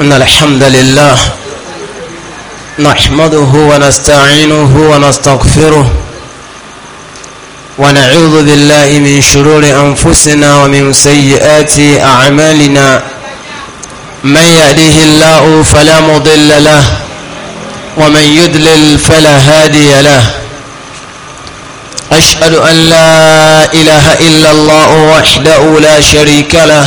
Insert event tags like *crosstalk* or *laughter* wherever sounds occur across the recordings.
إن الحمد لله نحمده ونستعينه ونستغفره ونعوذ بالله من شرور أنفسنا ومن سيئات أعمالنا من يأله الله فلا مضل له ومن يدلل فلا هادي له أشهد أن لا إله إلا الله وحده لا شريك له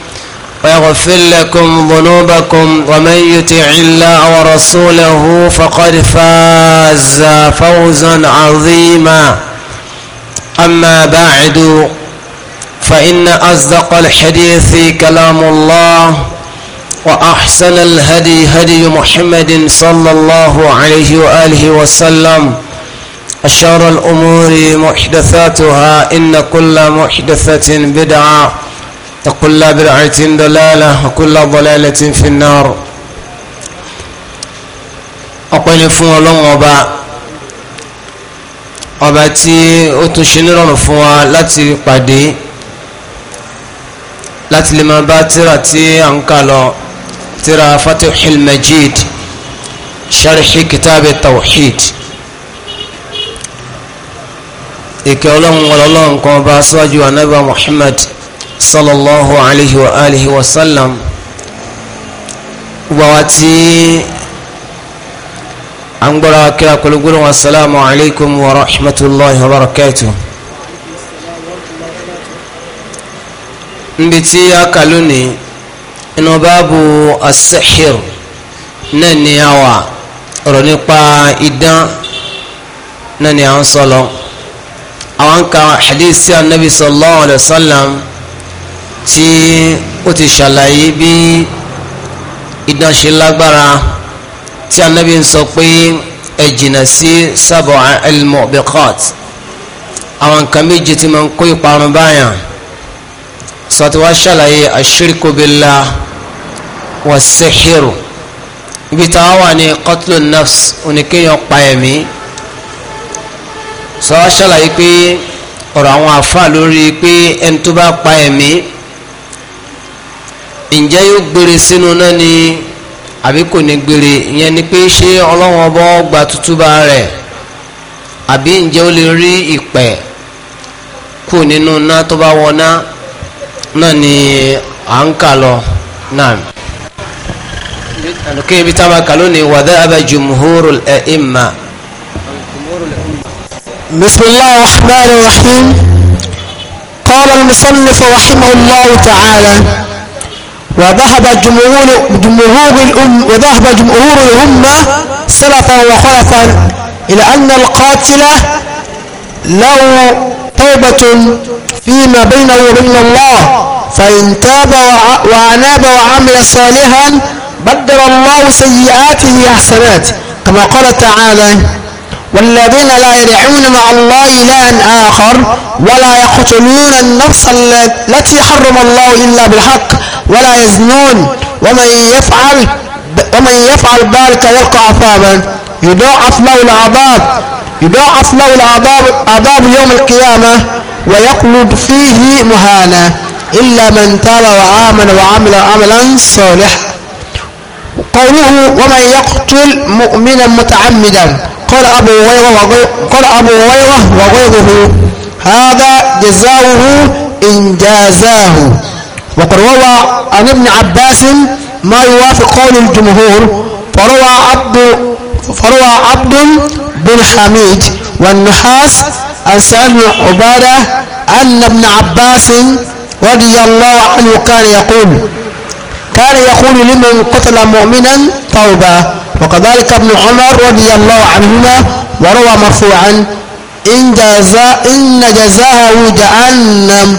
ويغفر لكم ذنوبكم ومن يطع الله ورسوله فقد فاز فوزا عظيما أما بعد فإن أصدق الحديث كلام الله وأحسن الهدي هدي محمد صلى الله عليه وآله وسلم أشار الأمور محدثاتها إن كل محدثة بدعة وكل بدعة ضلالة وكل ضلالة في النار ọpẹ́ni fún ọlọ́run ọba ọba tí ó tún ṣe nírọ̀rùn fún wa láti pàdé láti lè máa bá tíra tí a ń kà lọ tíra fatihul majid sharhi kitabi tawhid ìkẹ́ ọlọ́run ọlọ́run kan bá síwájú anábà muhammad صلى الله عليه وآله وسلم واتي أنقرأ كلا قلوبنا والسلام عليكم ورحمة الله وبركاته نبتي أكلوني إنه باب السحر نني أوا رنقا إدان نني أنصلو أوانك حديث النبي صلى الله عليه وسلم tí ó ti ṣàlàyé bí idán ṣe lágbára tí anabi ń sọ pé ẹ jìnnà sí sábà elmobiqat àwọn nǹkan méje tí máa ń kó ìparun báyàn sọtí wàá ṣàlàyé ashirku billah wa sihiru ibi táwa wà ní qatlu nafs oníkéèyàn pa ẹ̀mí sọ wàá ṣàlàyé pé ọ̀rọ̀ àwọn àfa lórí pé ẹni tó bá pa ẹ̀mí ǹjẹ́ yóò gbére sínú náà ni àbí kò ní gbére ìyẹn ni pé ṣé ọlọ́wọ́n bọ́ gba tútúbà rẹ̀ àbí ǹjẹ́ ó lè rí ìpẹ́ kù nínú ná tó bá wọná náà ni à ń kà lọ náà. àlùkò ibi tá a máa kà lónìí wadhaba jumhurul a'imma. بسم الله الرحمن الرحيم قال المصنف رحمه الله تعالى وذهب جمهور جمهور الأم وذهب جمهور الأمة سلفا وخلفا إلى أن القاتل له توبة فيما بينه وبين الله فإن تاب وأناب وعمل صالحا بدل الله سيئاته أحسنات كما قال تعالى والذين لا يدعون مع الله إلها آخر ولا يقتلون النفس التي حرم الله إلا بالحق ولا يزنون ومن يفعل ومن يفعل ذلك يلقى عذابا يضاعف له العذاب يضاعف له العذاب عذاب يوم القيامة ويخلد فيه مهانا إلا من تاب وآمن وعمل عملا صالحا قوله ومن يقتل مؤمنا متعمدا قال أبو هريرة قال أبو هريرة وغيره هذا جزاؤه إن جازاه وقد روى عن ابن عباس ما يوافق قول الجمهور فروى عبد فروى عبد بن حميد والنحاس عن سالم عبادة أن ابن عباس رضي الله عنه كان يقول كان يقول لمن قتل مؤمنا توبة وكذلك ابن عمر رضي الله عنهما وروى مرفوعا إن جزاء إن جزاءه جهنم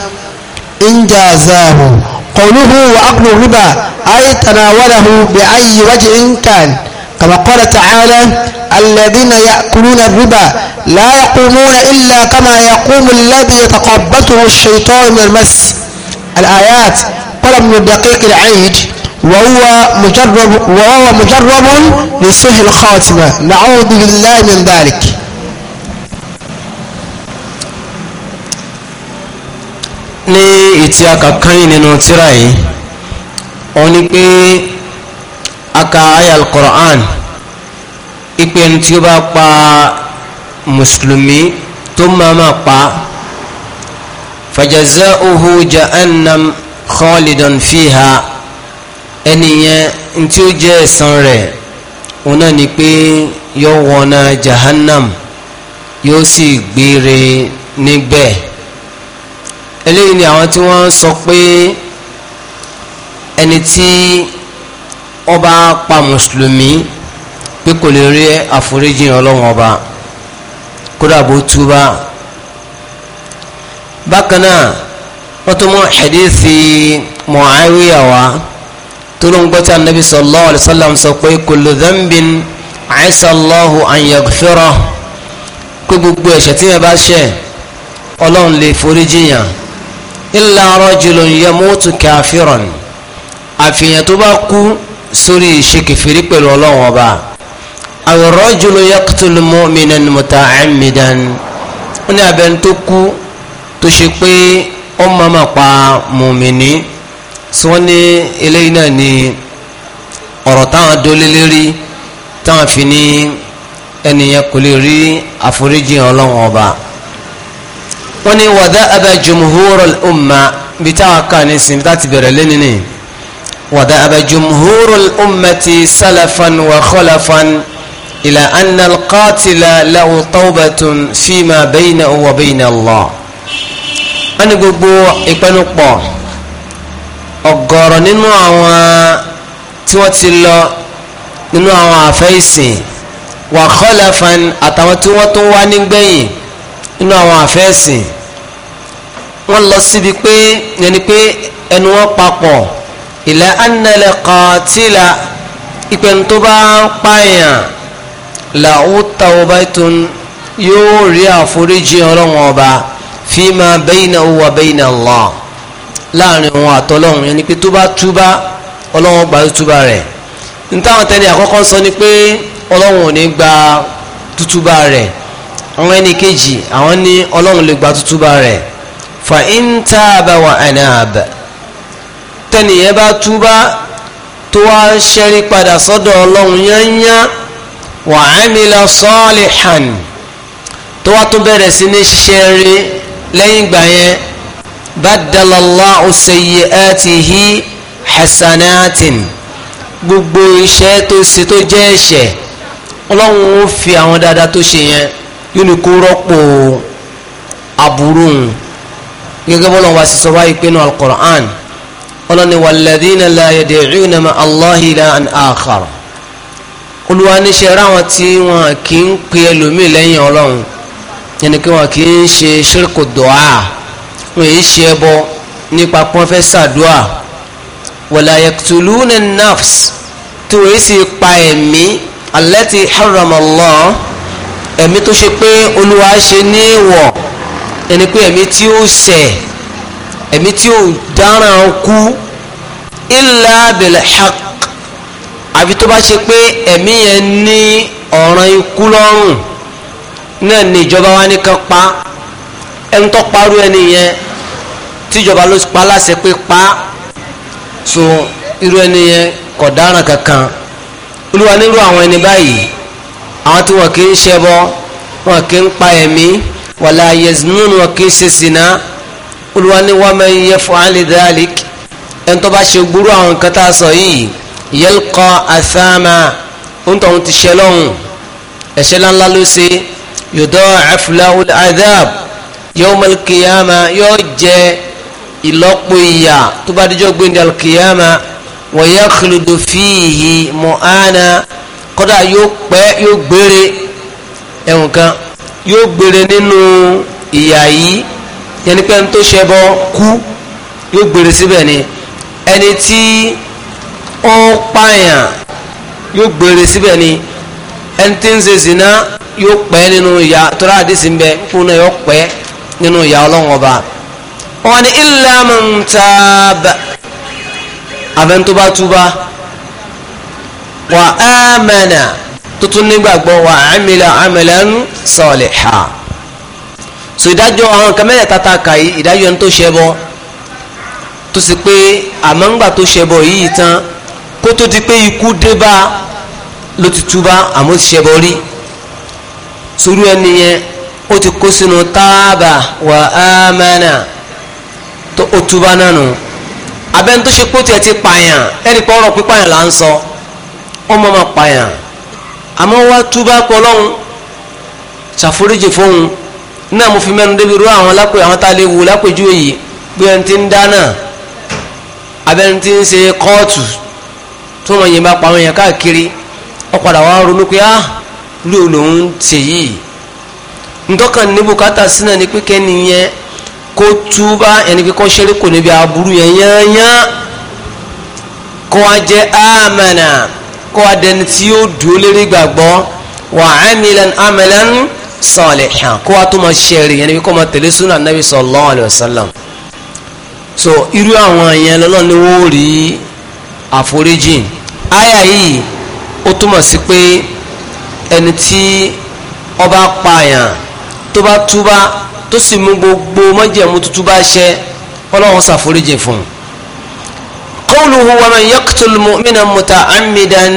إن جازاه قوله وأقل الربا أي تناوله بأي وجه كان كما قال تعالى الذين يأكلون الربا لا يقومون إلا كما يقوم الذي يتقبطه الشيطان من المس الآيات قال ابن الدقيق العيد وهو مجرب وهو مجرب لسوء الخاتمة نعوذ بالله من ذلك ní ìtì akàkányìn nínú tíra yìí ó ní pé aka aya al-Qur'an ipe ẹni tí ó bá pa mùsùlùmí tó máa máa pa fajaza'uhu jahannam khalidan fiha ẹni yẹn ntí ó jẹ́ ẹ̀san rẹ̀ òun náà ni pé yóò wọná jahannam yóò sì gbére níbẹ̀ eléyìí ni àwọn tí wọ́n sọ pé ẹni tí ọba pa mùsùlùmí pé kò lè rí àforíjì ọlọ́wọ́n ọba kódà bó túbà bákan náà wọ́n tún mú hadithi Muawiya wa tó ló ń gbọ́ tí anabi sallallahu alayhi wa sallam sọ pé kullu dhanbin asa Allahu an yaghfirah pé gbogbo ẹ̀ṣẹ̀ tí yẹn bá ṣẹ̀ ọlọ́run lè foríjì yàn illa rajulun yamutu kafiran àfihàn tó bá kú sórí ìṣekèfèrí pẹ̀lú ọlọ́wọ́n ọba aw rajulun yaqtulu mu'minan muta'ammidan ó ní abẹ́ni tó kú tó ṣe pé ó máa ma pa mùmìnì tí wọ́n ní eléyìí náà ni ọ̀rọ̀ táwọn dólé lérí táwọn fi ní ẹnìyẹn kò lè rí àforíjì ọlọ́wọ́n ọba wọ́n ní wadhaba jumhurul umma bí táwa kà ní sin bí táà ti bẹ̀rẹ̀ lé nínú wadhaba jumhurul ummati salafan wa khalafan ila anna alqatila lahu tawbatun fima baynahu wa bayna Allah wọ́n ní gbogbo ìpẹnupọ̀ ọ̀gọ̀rọ̀ nínú àwọn tí wọ́n ti lọ nínú àwọn àfẹ́ ìsìn wa khalafan àtàwọn tí wọ́n tún wá nígbẹ̀yìn inú àwọn àfẹ́sìn wọ́n lọ síbi pé yẹn ni pé ẹnu wọn papọ̀ ila annal qatila ìpẹ̀nu tó bá ń pààyàn làwù tawbatun yóò rí àforíjì ọlọ́run ọba fima baynahu wa bayna Allah láàrin òun àtọ́lọ́run yẹn pé tó bá túbá ọlọ́run gbà túbá rẹ̀ nítawọn tẹ́lẹ̀ àkọ́kọ́ sọ ni pé ọlọ́run ò ní gba tútúbá rẹ̀ àwọn ẹni kejì àwọn ní ọlọ́run lè gba tútúbà rẹ̀ fa in taaba wa anaba tẹnìyẹn bá túbà tó wá ṣẹ́rí padà sọ́dọ̀ ọlọ́run yányá wa amila salihan tó wá tún bẹ̀rẹ̀ sí ní ṣiṣẹ́ rí lẹ́yìn ìgbà yẹn badalallahu sayyi'atihi hasanatin gbogbo iṣẹ́ tó ṣe tó jẹ́ ẹ̀ṣẹ̀ ọlọ́run ó fi àwọn dáadáa tó ṣe yẹn yóò ní kó rọ́pò aburú ń gẹ́gẹ́ bọ́lá wa sísọ báyìí pé náà al-Qur'an ọlọ́ni walladhina la yad'una ma Allahi ilahan akhar olúwa níṣẹ́ ráwọn tí wọn kì í pe ẹlòmíì lẹ́yìn ọlọ́run yẹn kí wọn kì í ṣe ṣírkù dùá wọn yìí ṣe ẹbọ nípa pọ́n fẹ́ ṣàdúà wala nafs tí wọ́n yìí sì pa ẹ̀mí allati harrama Allah ẹ̀mí tó ṣe pé olúwa ṣe ní wọ̀ ẹni pé ẹ̀mí tí ó ṣẹ̀ ẹ̀mí tí ó dáràn kú illa bil haqq àfi tó bá ṣe pé ẹ̀mí yẹn ní ọ̀ràn ikú lọ́rùn náà ni ìjọba wa ní kan pa ẹni tó parú ẹni yẹn tíjọba ló pa láṣẹ pé pa so irú ẹni yẹn kò dáràn kankan olúwa nírú àwọn ẹni báyìí àwọn tí wọn kì í ṣẹbọ wọn kì í pa ẹ̀mí wàlá yaznun wọn kì í ṣe zina olúwa ni wa man yaf'al dhalik ẹni tó bá ṣe gbúrú àwọn nǹkan tá a sọ yìí yalqa athama ń tọ́ ti ṣe lọ́hùn ẹ̀ṣẹ̀ ńláńlá ló ṣe yuda'af lahu al-adhab yawm al yóò jẹ ìlọ́po ìyà tó bá dijọ́ gbẹ̀ndẹ̀ al-qiyama wa yakhludu fihi mu'ana kódà yóò pẹ́ yóò gbére ẹ̀wọ̀n kan yóò gbére nínú ìyà yìí yẹni pé ẹni tó ṣe bọ kú yóò gbére síbẹ̀ ni ẹni tí ó pààyàn yóò gbére síbẹ̀ ni ẹni tí ń ṣe zina yóò pẹ́ nínú ìyà tọ́lá àdìsí ń bẹ fún náà yóò pẹ́ nínú ìyà ọlọ́run ọba wọn ni illa man taaba wa amana tuntun nígbàgbọ́ wa amila amalan saliha so ìdájọ́ àwọn kan mẹ́rẹ̀ẹ́ta ta kà yìí ìdájọ́ ẹni tó ṣẹ bọ́ tó sì pé àmọ́ngbà tó ṣẹ bọ́ yìí tán kó tó di pé ikú dé bá ló ti túbá àmọ́ ti ṣẹ bọ́ rí sórí ẹni yẹn ó ti kó sínú táàbà wa amana tó ó túbá nánu abẹ́ni tó ṣe kó tiẹ̀ ti pààyàn ẹnì kan pípààyàn là ń sọ. So ọmọ máa pààyàn àmọ́ wá túbá kọ lọ́hún ṣàforíjì fóun náà mo fi mẹ́nu débi rú àwọn lápè àwọn tá a lè wò lápèjú èyí pé ẹni tí ń dáná abẹ́ni tí ń ṣe kóòtù tó mọ̀ yìnbọn pa àwọn èèyàn káàkiri ọ̀padà wa ronú pé ah ló lòun ṣe yìí ntọ́kàn ní bùkátà sínú ni pé kẹ́ni kó túbá ẹni pé kó níbi aburú yẹn yányán kó wá jẹ́ àmàna. Ah, kọ́ adẹni tí ó dúró lérí gbàgbọ́ wa amilan amalan salihan kó wa tó máa ṣe yẹn ni kó máa tẹ̀lé sunnah nabi sallallahu alayhi sallam so irú àwọn yẹn lọ́lọ́run ni wọ́n rí àforíjì àyà yìí ó túmọ̀ sí pé ẹni tí ọba pààyàn tó bá túbá tó sì mú gbogbo májẹ̀mú tútú bá ṣẹ ọlọ́run ṣàforíjì fún un qawluhu wa man yaqtul mu'mina muta'ammidan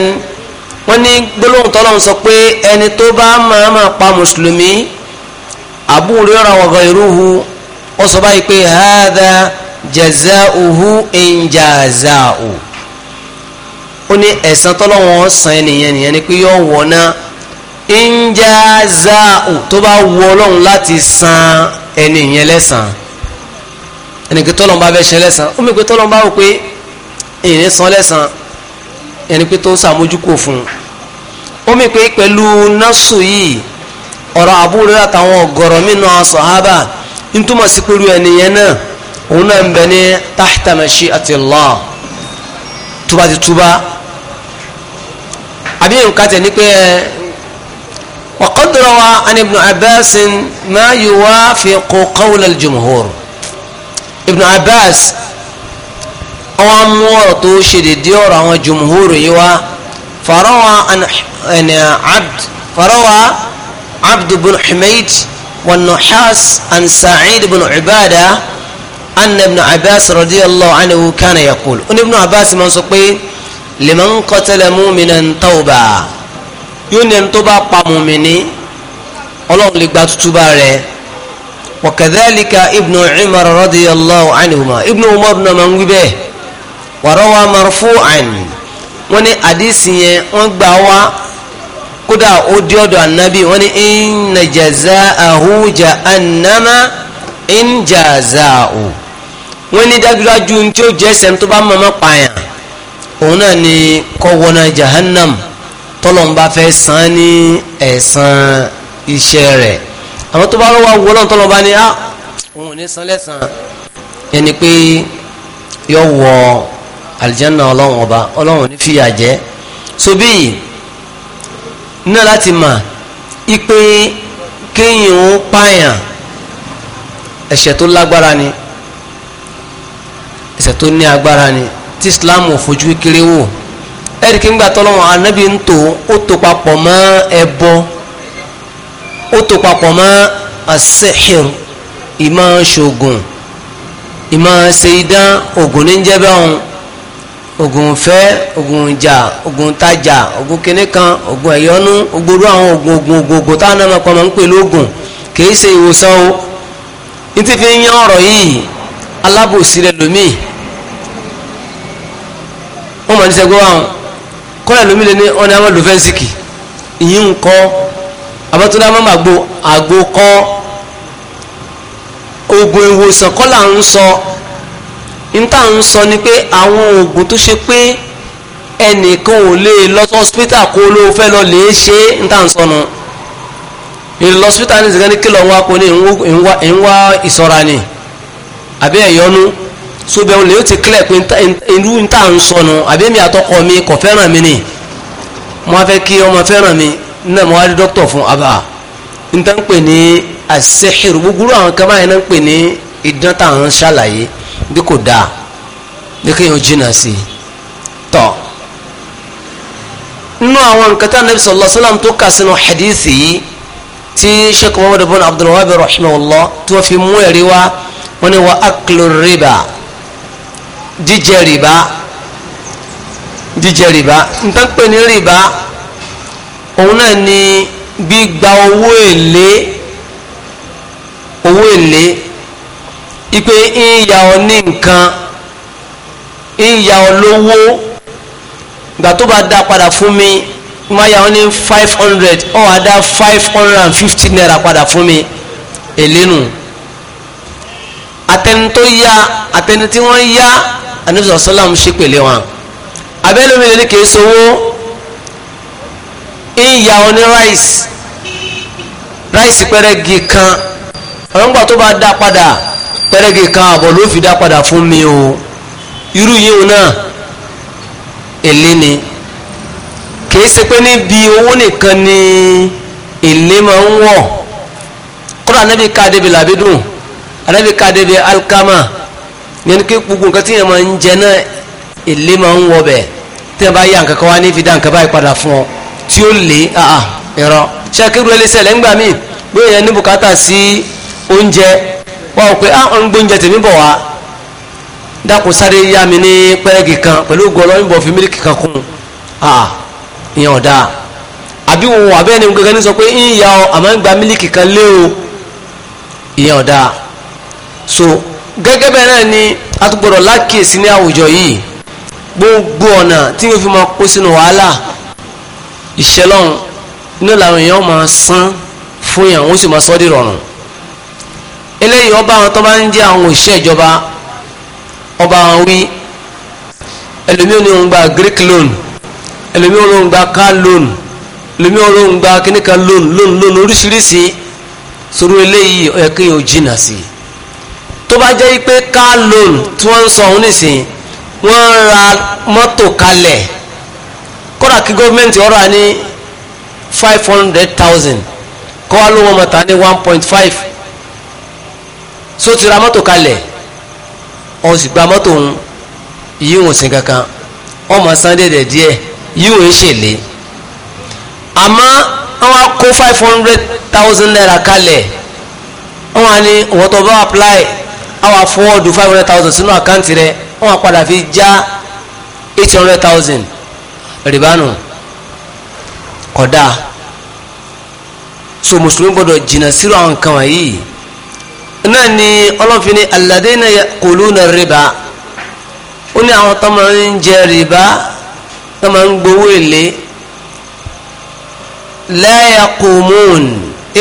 wọ́n ní gbólóhùn tọ́lọ́hún sọ pé ẹni tó bá máa máa pa mùsùlùmí Abu Huraira wa ghayruhu ó sọ báyìí pé hadha jaza'uhu in jaza'u ó ní ẹ̀san tọ́lọ́hún san ẹnìyẹn nìyẹn ni pé yóò wọ̀ náà in jaza'u tó bá wù ọlọ́run láti san ẹnìyẹn lẹ́san ẹnìkẹ́ tọ́lọ́hún bá fẹ́ ṣe lẹ́san ó mi pé tọ́lọ́hún bá wò pé ìní san lẹ́sàn ẹni pé tó ń sàmójúkò fún un ó mì pé pẹ̀lú násù yìí ọ̀rọ̀ àbúrò àtàwọn ọ̀gọ̀rọ̀ mìíràn àwọn sàhábà ń túmọ̀ sí pẹ̀lú ẹnìyẹn náà òun náà ń bẹ ní tahta mashi'atillah túbá ti àbí nǹkan tẹ̀ ní pé وقد روى عن ابن عباس ما يوافق قول الجمهور ابن عباس àwọn amú ọ̀rọ̀ tó ṣe dédé ọ̀rọ̀ àwọn jùmùhúrò yìí wá farawa abd farawa abd bin humayd wa nuhas an sa'id bin ibada anna ibn abbas radiyallahu anhu kana yaqul oní ibn abbas máa sọ pé liman qatala mu'minan tawba yóò ní ẹni tó bá pa tutuba rẹ̀ wa ibn umar radiyallahu anhuma ibn umar náà máa ń wí wàrọ́wà marfu'an wọ́n ní àdìsí yẹn wọ́n gbà wá kódà ó di ọ̀dọ̀ ànábì wọ́n ní inna jaza'ahu jahannama in jaza'u wọ́n ní dájúdájú tí ó jẹ́ sẹ́ni tó bá mọ̀mọ́ pààyàn òun náà ni kọ́wọ́nà jahannam tọ́lọ́n bá fẹ́ san ní ẹ̀san iṣẹ́ rẹ̀ àwọn tó bá lọ́wọ́ wọlọ́n tọ́lọ́n bá ní á ah, òun ò ní san lẹ́san ẹni pé yọ wọ aljanna ọlọ́run ọba ọlọ́run ní fìyà jẹ sobi náà láti mà ipe kéèyàn ó pààyàn ẹ̀ṣẹ̀ tó lágbára ni ẹ̀ṣẹ̀ tó ní agbára ni tí islam ò fojú kéré wò ẹ̀rí kí n gbà tọ́lọ́wọ́n anábì ń tò ó tó papọ̀ mọ́ ẹbọ ó tó papọ̀ mọ́ asẹ́hìr ìmọ̀ ṣoògùn ìmọ̀ ṣe idán ògùn ní jẹ́bẹ́ ọ̀hún. ogun fẹ́ ogun ìjà ogun taja ogun kìnnì kan ogun eyonu ogoro awon ogun ogun ogun ogun na náà kọ́ máa ń pè lóògùn kìí ṣe ìwòsàn o n ti fi ń yan ọ̀rọ̀ yìí alábòsí rẹ lómìn wọ́n mọ̀ ní sẹ́gbẹ́ wa ni lómìn lé ní ọ̀nà àwọn lófẹ́ǹsìkì ìyí ń gbo ogun ìwòsàn kọ́là ń sọ. So, níta ń sọ ni pé àwọn oògùn tó ṣe pé ẹnìkan ò lè lọ sí hospital kó ló fẹ́ lọ lè ṣe é níta ń sọnù ìlọ hospital ní ìsìnkẹ́ ní kí lọ́wọ́ kò ní ń ìsọ̀ra ni àbí ẹ̀yọ́nú sóbẹ̀ òun lè ti clear pé irú níta ń sọnù àbí mi àtọkọ mi kò fẹ́ràn mi ni mo fẹ́ kí ọmọ fẹ́ràn mi ní ẹ̀ mo wá rí dókítà fún abà níta ń pè ní àṣẹ ìrù àwọn kan báyìí náà ń pè ní ìdán táwọn ń ṣàlàyé bí kò dáa bí kéèyàn jìnnà sí i tọ́ nínú àwọn nǹkan tá nàbí sallallahu alaihi wasallam tó kà sínú hadisi yìí tí sheikh muhammad ibn abdul wahab rahimahullah tí wọ́n fi mú ẹ̀rí wá wọ́n ní wa aklu riba jíjẹ riba jíjẹ riba nǹkan pè riba òun náà ni gbígba owó èlé owó èlé ipe ìyà ọ ní nǹkan ìyà ọ lówó ìgbà tó bá dá padà fún mi máa yà ọ ní five hundred ọ wà dá five hundred and fifty naira padà fún mi èlénu atẹni tó yá atẹni tí wọ́n yá anabisa salam ṣe pẹ̀lẹ́ wọn abẹ́lómi lè ní kìí sowó ìyà ọ ní rice rice pẹrẹgì kan ọ̀rọ̀ ń gbà tó bá dá padà pẹ́rẹ́gì kan àbọ̀ ló fi dá padà fún mi o irú yìí náà èlé ni kìí ṣe pé níbi owó nìkan ni èlé máa ń wọ̀ kọ́ra anábì ká débi làbídùn anábì ká débi alkama yẹn kí gbogbo nǹkan tí yẹn máa ń jẹ náà èlé máa ń wọ̀ bẹ̀ tí yẹn bá yà nǹkan kan wá ní fi nǹkan báyìí padà fún ọ tí ó lé ẹ̀rọ ṣé kí ló lè ṣẹlẹ̀ ńgbà míì bóyá ní bùkátà sí oúnjẹ wọ́n wọ́n pé ah ọ̀n gbóúnjẹ tèmi bọ̀ wá dákun sáré yá mi ní pẹ́rẹ́gì kan pẹ̀lú gọlọ́ ń bọ̀ fi mílíkì kan kún ah ìyẹn ọ̀dà àbí wọn wà bẹ́ẹ̀ ni gẹ́gẹ́ ní sọ pé ń ya ọ àmọ́ ń gba mílíkì kan lé o ìyẹn ọ̀dà so gẹ́gẹ́ bẹ́ẹ̀ náà ni a tún gbọ́dọ̀ lákìyèsí ní àwùjọ yìí gbogbo ọ̀nà tí yóò fi máa kó sínú wàhálà ìṣẹ́lọ́run ní làwọn èèyàn máa san fún yàn wọ́n sì máa sọ́ dìrọ̀rùn eléyìí ọba àwọn tó bá ń jẹ́ àwọn òṣìṣẹ́ ìjọba ọba àwọn wí ẹlòmíì ni òun gba Greek loan ẹlòmíì ni òun gba car loan ẹlòmíì ni òun gba kíníkà loan loan loan oríṣiríṣi sọ̀rọ̀ eléyìí ó yẹ kí yóò jìnnà sí i tó bá jẹ́ pé car loan tí wọ́n ń sọ òun nìsín wọ́n ra mọ́tò kalẹ̀ kódà kí gọ́ọ̀mẹ̀ntì ọ̀rọ̀ àní five hundred thousand kọ́wá ló wọ́n mọ̀ta ní one point five so ti ra mọ́tò kalẹ̀ ó sì gba mọ́tò ń yí wọn sin kankan ọmọ san dẹ̀dẹ̀ díẹ̀ yí wọn ṣèlè àmọ́ àwọn akó five hundred thousand naira kalẹ̀ wọn á ní owó tó bá apply àwọn afọwọ́dù five hundred thousand sínú àkáǹtì rẹ wọn á padà fi já eight hundred thousand rìbánu kódà so mùsùlùmí gbọdọ̀ jina siri àwọn nǹkan wọ̀nyí náà ni ọlọ́fin ni alladhina yaquluna rìbá ó ní àwọn tó máa ń jẹ rìbá tó máa ń gbowó èlé la yaqumun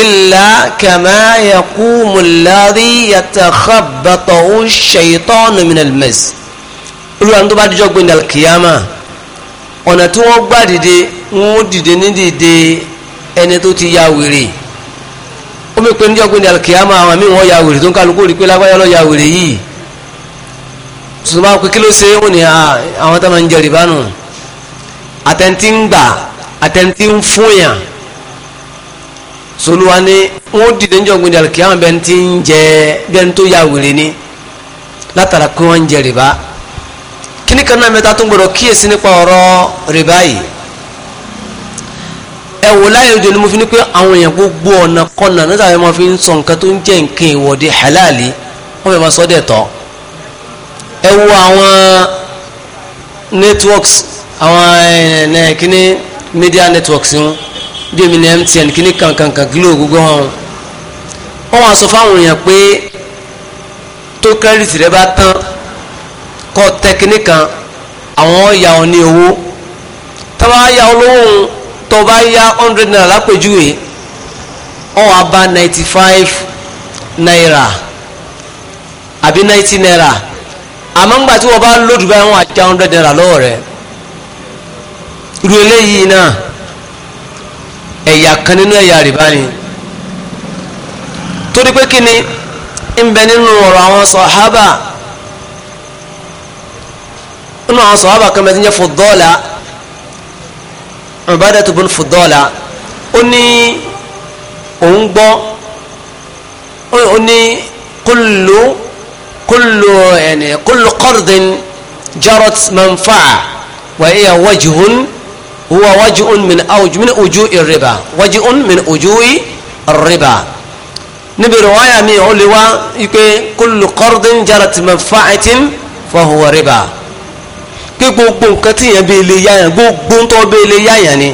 illa kama yaqumu alladhi yatakhabbatuhu ash-shaytanu minal mas olúwa tó bá dijọ́ gbẹ̀ndà kìyàmà ọ̀nà tí wọ́n gbà dìde wọ́n dìde ní dìde ẹni tó ti ya wèrè ó mi pe níjọ́ pé ní alkiyama àwọn míì wọ́n ya wèrè tó ń kálukú rí pé lágbáyà lọ́ọ́ ya wèrè yìí tuntun bá pé kí ló ṣe ó ní àwọn tó máa ń jẹ rìbá nù ń gbà àtẹ̀ntì ń fúnyàn solúwa ni wọ́n dìde níjọ́ pé ní alkiyama bẹ́ẹ̀ ti ń jẹ bẹ́ẹ̀ tó ya wèrè ni látara pé wọ́n ń jẹ rìbá kíníkan náà mẹ́ta tó ń gbọ́dọ̀ kíyèsí nípa ọ̀rọ̀ rìbá yìí ẹ wò láyé òde ni mo fi ní pé àwọn èèyàn gbogbo ọ̀nà kọ̀nà nígbà tí wọ́n fi ń sọ nǹkan tó ń jẹ́ nǹkan ìwọ̀de halali wọ́n fẹ́ máa sọ dẹ̀ tọ́ ẹ wo àwọn networks àwọn kíní media networks ń bíi mi ní MTN kíní kankankan glo gbogbo wọn wọ́n wá sọ fáwọn èèyàn pé tó kírẹ́dìtì rẹ bá tán kọ́ tẹ́ kíní kan àwọn yà ọ́ ní owó tábà yà ọ́ lówó tó bá yá hundred naira lápèjúwe ọ̀ wá bá ninety five naira àbí ninety naira àmọ́ ńgbà tí wọ́n bá lòdù báyìí wọ́n á já hundred naira lọ́wọ́ rẹ̀ irú eléyìí náà ẹ̀yà kan nínú ẹ̀yà rìbá ni torí pé kí ni nínú ọ̀rọ̀ àwọn sọ̀hábà kan ti Ubadatu bin Fudala ó ní òun gbọ́ ó ní kullu kullu yani kullu qardin jarat manfa'a wa iya wajhun huwa wajhun min awj min uju'i riba wajhun min uju'i riba níbi riwaya mi ò lè wá ipe kullu qardin jarat manfa'atin fa huwa riba pé gbogbo nǹkan tí yẹn bẹ́ẹ̀ lè yáyàn gbogbo ń tọ́ bẹ́ẹ̀ lè yáyàn ni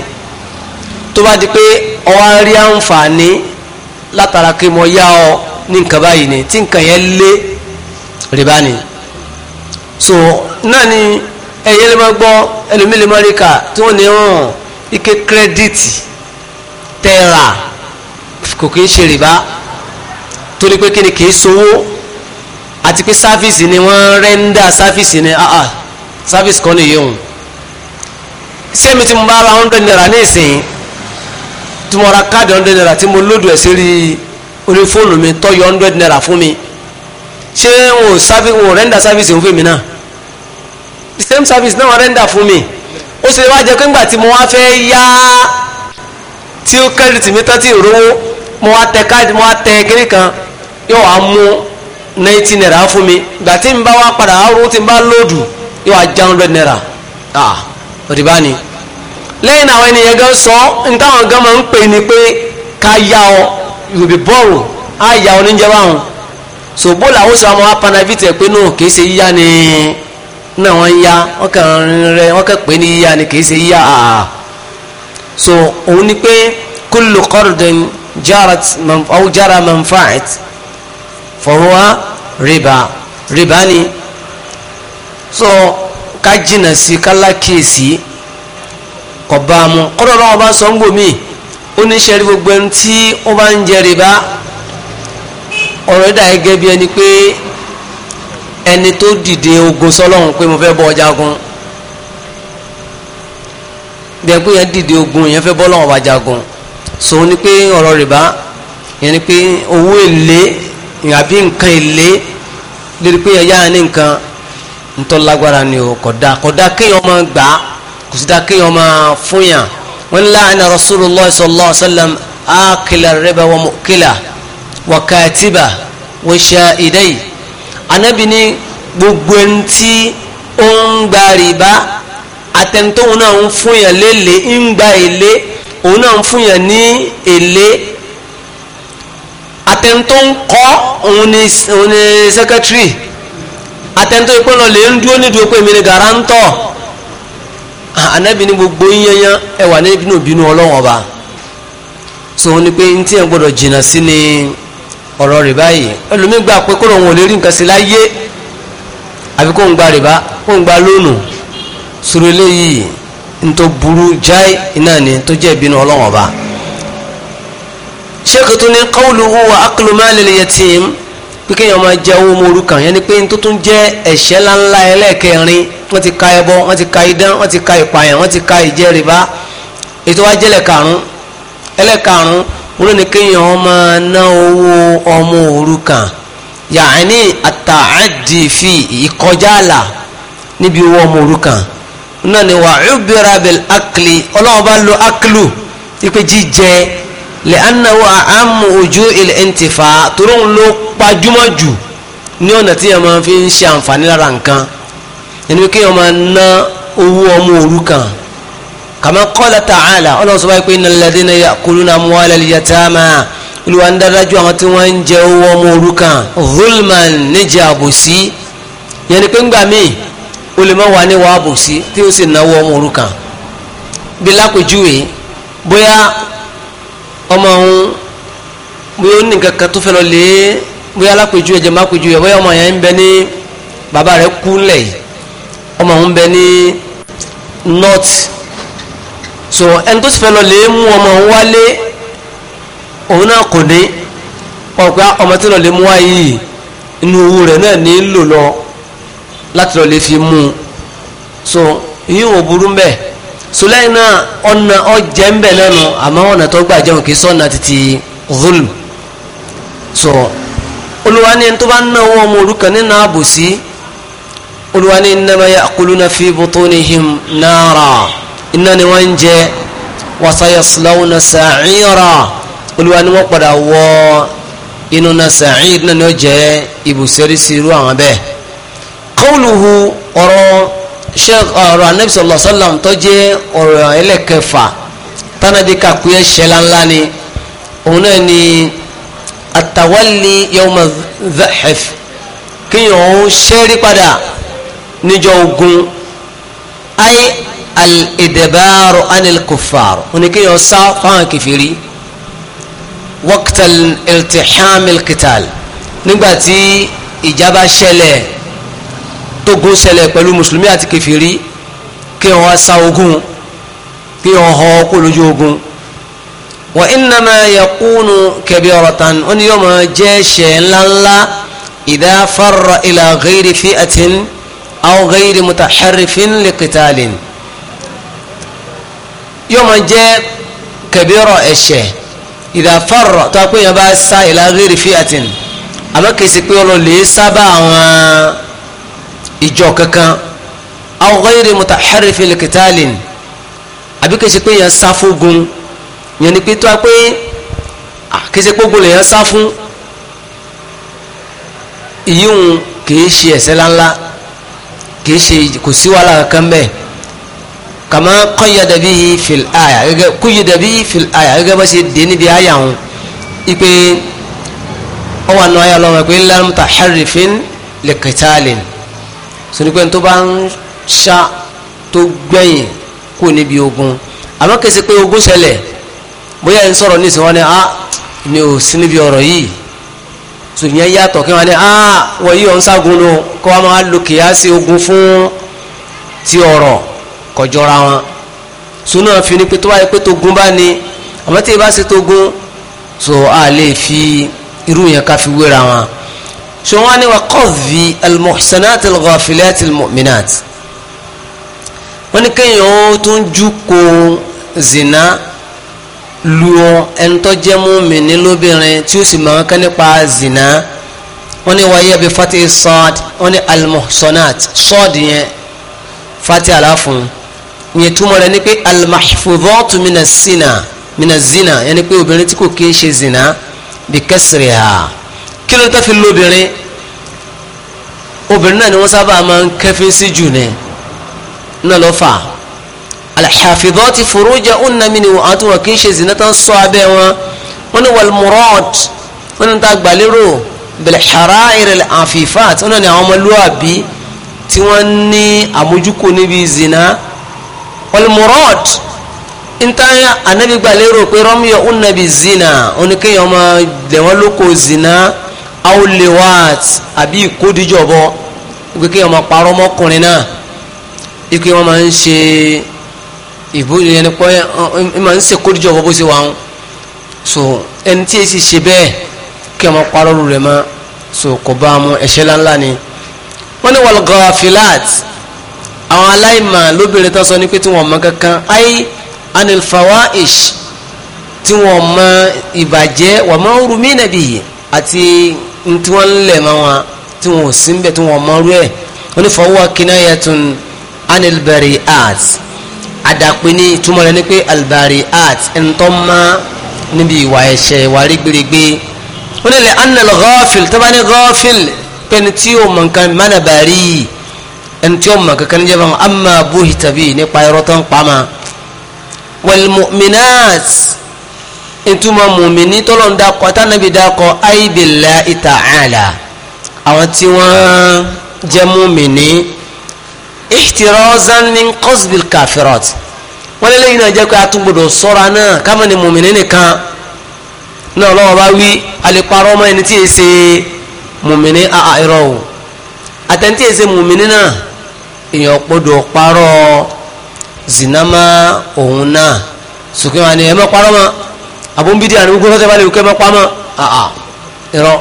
tó bá di pé ọwọ́ rí àǹfààní látara pé mo yá ọ ní nǹkan báyìí ni tí nǹkan yẹn lé rìbá ni so náà ni ẹ̀yẹ́ lè máa gbọ́ ẹlòmíì lè máa rí kà tí wọ́n ní hàn ike kírẹ́díìtì tẹ́ra kò kí ń ṣe rìbá torí pé kí ni kì í sowó àti pé sáfíìsì ni wọ́n rẹ́ńdà sáfíìsì ni ah ah service kan nìyí òun sẹ́mi tí mo bá ra hundred naira ní ìsìn tí mo ra káàdì hundred naira tí mo lòdù ẹ̀ sí rí orí fóònù mi tó yọ hundred naira fún mi ṣé n ò service n ò rẹ́ndà service òun fèmí náà the same service náà rẹ́ndà fún mi ó sì lè wá jẹ́ pé ńgbà tí mo wá fẹ́ yá tí ó credit mi tán tí ìrówó mo wá tẹ káàdì mo wá tẹ kiri kan yóò wá mú ninety naira fún mi gbà tí bá wá padà aró tí n bá lòdù yóò wá já hundred naira ah òdìbá ni lẹ́yìn àwọn ènìyàn gan sọ ní táwọn gan máa ń pè ní pé ká yá ọ ìwòbí bọ́ọ̀rù á yá ọ níjẹ́ báwọn ṣògbó làwọn sọ àwọn apanavit ẹ̀ pé náà kìí ṣe yíyá ni náà wọ́n ń yá wọ́n kàn rẹ wọ́n kàn pé ní yíyá ni kìí ṣe yíyá àà so òun ni pé kullu qardin jarat aw jara manfaat fa huwa riba riba ni so ká jìnà sí kálákìsì kò bá a mú kọ́dọ̀ náà wọ́n bá sọ ń gbò mí oníṣẹ́ rí gbogbo ẹni tí wọ́n bá ń jẹ rìbá ọ̀rọ̀ ìdá gẹ́gẹ́ bí ẹni pé ẹni tó dìde ogun sọlọ́run pé mo fẹ́ bọ́ jagun bí ẹgbẹ́ yẹn dìde ogun yẹn fẹ́ bọ́ lọ́wọ́ bá jagun so ni pé ọ̀rọ̀ rìbá yẹn ni pé owó èlé àbí nǹkan èlé lórí pé ẹ̀yà ni nǹkan ntọ́ ni o kódà kódà kéèyàn máa gbà á kò sí dá kéèyàn máa fún yàn wọn láàánú rasulullah sallallahu alayhi wa sallam akila riba wa mukila wa katiba wa sha'idai anabi ni gbogbo ẹni tí ó ń gba rìbá àtẹnitóhun náà ń fún yàn lélẹ̀ ń gba èlé òun náà ń fún ní èlé àtẹnitó ń kọ́ òun ni sẹ́kẹ́tírì. atẹ́ntọ́ ìpín lọ lè ń dúró nídùú pé mi ni garantọ́ anábì ah, ní gbogbo yíyanyan ẹ wà nínú ọlọ́wọ́n ọba so wọn ni pé n yẹn gbọdọ̀ jìnnà sí ni ọ̀rọ̀ rẹ̀ báyìí ẹlòmíín gbà pé kóòrò wọn ò lè rí nǹkan sí láyé àbí kóòrò ń gba rìbá kóòrò ń gba lónù sọ̀rọ̀ ntọ́ burú sheikh wa pé kéèyàn máa jẹ owó mooru kan yẹn ni pé tó tún jẹ́ ẹ̀ṣẹ̀ ńláńlá ẹlẹ́ẹ̀kẹrin wọ́n ti ka ẹbọ wọ́n ti ka idán wọ́n ti ka ìpààyàn wọ́n ti ka ìjẹrìbá ètò wa jẹ́lẹ̀ karùn-ún ẹlẹ́karùn-ún wọ́n ní kéèyàn máa ná owó ọmọ òru kan yàní àtàádì fi ìkọjá àlà níbi owó ọmọ òru kan náà ni wà á bẹ̀rẹ̀ abẹ́lẹ̀ akili ọlọ́run bá lo akilu ipe jíjẹ Le àmú ojú ilẹ̀ ẹ̀ǹtìfà torún ló pajúmọ̀ jù ní ọ̀nà tí yẹn máa fi ń ṣe àǹfààní lára nǹkan ẹni kí yẹn máa ná owó ọmọ òrukàn kàmá qala ta'ala ọlọ́run sọ báyìí pé innal ladhina ya'kuluna amwala al-yatama olùwà ń dájú àwọn tí wọ́n ń jẹ owó ọmọ òrukàn zulman níjà àbòsí yẹn ni pé ńgbà míì o lè má wà ní wàá àbòsí tí ó sì náwó ọmọ òrukàn bí lápèjúwe bóyá ọmọ òun bóyá ó ní nǹkan kan tó fẹ́ lọ lé bóyá alápèjú ẹ̀jẹ̀ má pèjú ẹ̀ bóyá ọmọ yẹn ń bẹ ní bàbá rẹ̀ kú ńlẹ̀ yìí ọmọ òun bẹ ní north so ẹni tó sì fẹ́ lọ lé mú ọmọ òun wálé òun náà kò ní ọ̀pẹ́ ah, ọmọ tí lọ lè mú wáyé yìí inú owó rẹ̀ náà ní lò lọ láti lọ lè fi mú un so yíò burú mbẹ́ẹ̀ sùlẹ́yìn náà ọ̀nà ọ̀jẹ̀ ń bẹ̀ lẹ́nu àmọ́ ọ̀nà tó gbà jẹun kì í sọ̀nà títí zulm so olùwà ni tó bá ń náwó ọmọ òrukàn nínú àbòsí olùwà ni innama fi butunihim nara iná ni wọ́n ń jẹ wa sayaslawna sa'ira olùwà ni wọ́n padà wọ na sa'ir náà ni ó jẹ́ ibùsẹ̀rí sí irú àwọn sheikh ọ̀rọ̀ anabi sọlọ sọlọm tó jẹ́ ọ̀rọ̀ ẹlẹ́kẹfà tánàdí kakuyẹ ṣẹlá ńlá ni òun náà ni atawali yawma zahif kínyàn ó ṣẹ́rí padà níjọ́ ogun ayé al-idabaaru anil kufar fáwọn kẹfìrí waqtal iltihamil nígbàtí ìjábá ṣẹlẹ̀ tó gún ṣẹlẹ̀ pẹ̀lú mùsùlùmí àti kẹfìrí kí wọn wá sa ogun kí wọn họ kó lójú ogun wa innama yakunu kabiratan ó ní yóò máa jẹ́ ẹ̀ṣẹ̀ ńláńlá idha farra ila ghairi fi'atin aw ghairi mutaharrifin li qitalin yóò máa jẹ́ kabira ẹ̀ṣẹ̀ idha tó a pé yẹn bá sa ila ghairi fi'atin àmọ́ kìí sì pé ọlọ́ọ̀lẹ́ sábà àwọn ìjọ kankan aw ghayri mutaharrifi likitalin àbí kìí ṣe pé yẹn sá fógun yẹn ni pé tó a pé kìí ṣe pógun lèyẹn sá fún ìyíhun kìí ṣe ẹ̀ṣẹ̀ ńláńlá kìí ṣe kò sí wàhálà kankan bẹ́ẹ̀ kàmá qayyada bihi fil aya gẹ́gẹ́ qayyada bihi fil aya gẹ́gẹ́ bá ṣe dé níbi àyà wọn ipe ọwọ́ àná àyà lọ́wọ́ pé illa mutaharrifin likitalin sọdípẹ́ tó bá ń ṣá tó gbẹ̀yìn kò níbi ogun àmọ́ kèsì pé ogun ṣẹlẹ̀ bóyá ń sọ̀rọ̀ nísìnyí wọn ni ah, a ni ò sí níbi ọ̀rọ̀ yìí sọ ìyẹn yàtọ̀ kí wọn ni a ah, wọ yìí ọ̀hún ságun ló kọ́ wọn máa lo kìyàsí ogun fún ti ọ̀rọ̀ kọjọra wọn sunu àfi ni pé tó bá yẹ pé togun bá ní àmọ́ tí ì bá ṣe togun so a lè fi irú yẹn ká fi wéra wọn ṣùgbọ́n wa qadhi al-muhsanat al-ghafilat al-mu'minat wọ́n ní kéèyàn ó tún jùkò zina lu ẹni tó jẹ́ mùmínì lóbìnrin tí ó sì máa kán nípa zina wọ́n ní wáyé bí fati sọ́ọ̀d wọ́n ní al-muhsanat fati aláfun yẹn túmọ̀ rẹ̀ ni pé mina zina mina zina yẹn ni pé obìnrin tí kò kí ń ṣe zina bí kasriha kí ló dé tó fi lóbìnrin obìnrin náà ni wọ́n sábà máa ń kẹ́fín sí jù ní náà ló fà al-hafidhati furujahunna mi ni àti wọn kì í ṣe zina tán sọ abẹ́ wọn wọ́n ní wal-murad wọ́n ta gbàlérò bil-hara'ir afifat wọ́n ní àwọn ọmọlúwàbí tí wọ́n ní àmójúkò níbi zina wal-murad ntanya anabi gbàlérò pé rọ́míyọ̀ unnabi zina oníkéyàn ọmọ lẹ́wọ́n lóko zina auliwat àbí ìkódìjọbọ ìpè kí ọmọ parọ́ mọ́kùnrin náà ìpè wọn máa ń ṣe ìbò yẹn ni pé wọn máa ń ṣe kódìjọbọ bó ṣe wà ń so ẹni tí èsì ṣe bẹ́ẹ̀ kí ọmọ parọ́ rẹ̀ mọ́ so kò bá mu ẹ̀ṣẹ̀ láńlá ni wọ́n ní wal-ghafilat àwọn aláìmọ̀ lóbìnrin tán sọ ní pé tí wọ́n mọ kankan ayé anil fawaish tí wọ́n mọ ìbàjẹ́ wọ́n mọ rúmínàbì àti ntí wọ́n ń lẹ̀ mọ́ wọn tí wọn ò sí ń bẹ̀ tí wọn mọ́ rú ẹ̀ wọ́n ní fọwọ́ kinayatun anil bari'at àdàpé ní ìtumọ̀ rẹ̀ ni pé al bari'at ẹ̀ńtọ́ máa níbi ìwà ẹ̀ṣẹ̀ ìwà rí gbèrègbè wọ́n lè anna al-ghafil tó pẹ̀lú tí o mọ̀ nǹkan mánà ẹni tí o mọ̀ kankan jẹ́ báwọn amma buhita bi nípa irọ́ tó ń pa ìtumọ̀ mùmíní tọ́lọ́n dakọ̀ tánàbí dakọ̀ ay billahi ta'ala àwọn tí wọ́n jẹ́ mùmíní ihtirazan min qasbil kafirat wọ́n lé lẹ́yìn náà jẹ́ pé atúgbòdò sọ́ra náà kámọ́ ni mùmíní nìkan náà lọ́wọ́ bá wí alẹ́pàrọ́ ọmọ ẹni tí yẹ ṣe mùmíní àìrọ̀ o àtẹ̀ntì yẹ ṣe mùmíní náà èèyàn gbọ́dọ̀ parọ́ zinama òun náà sùkúrò àni ẹ̀ mọ́ parọ́ mọ́ àbúmbídí àni gbogbo sọ́tẹ́ bá lè kẹ́ mọ́ pamọ́ àà ah, ah. irọ́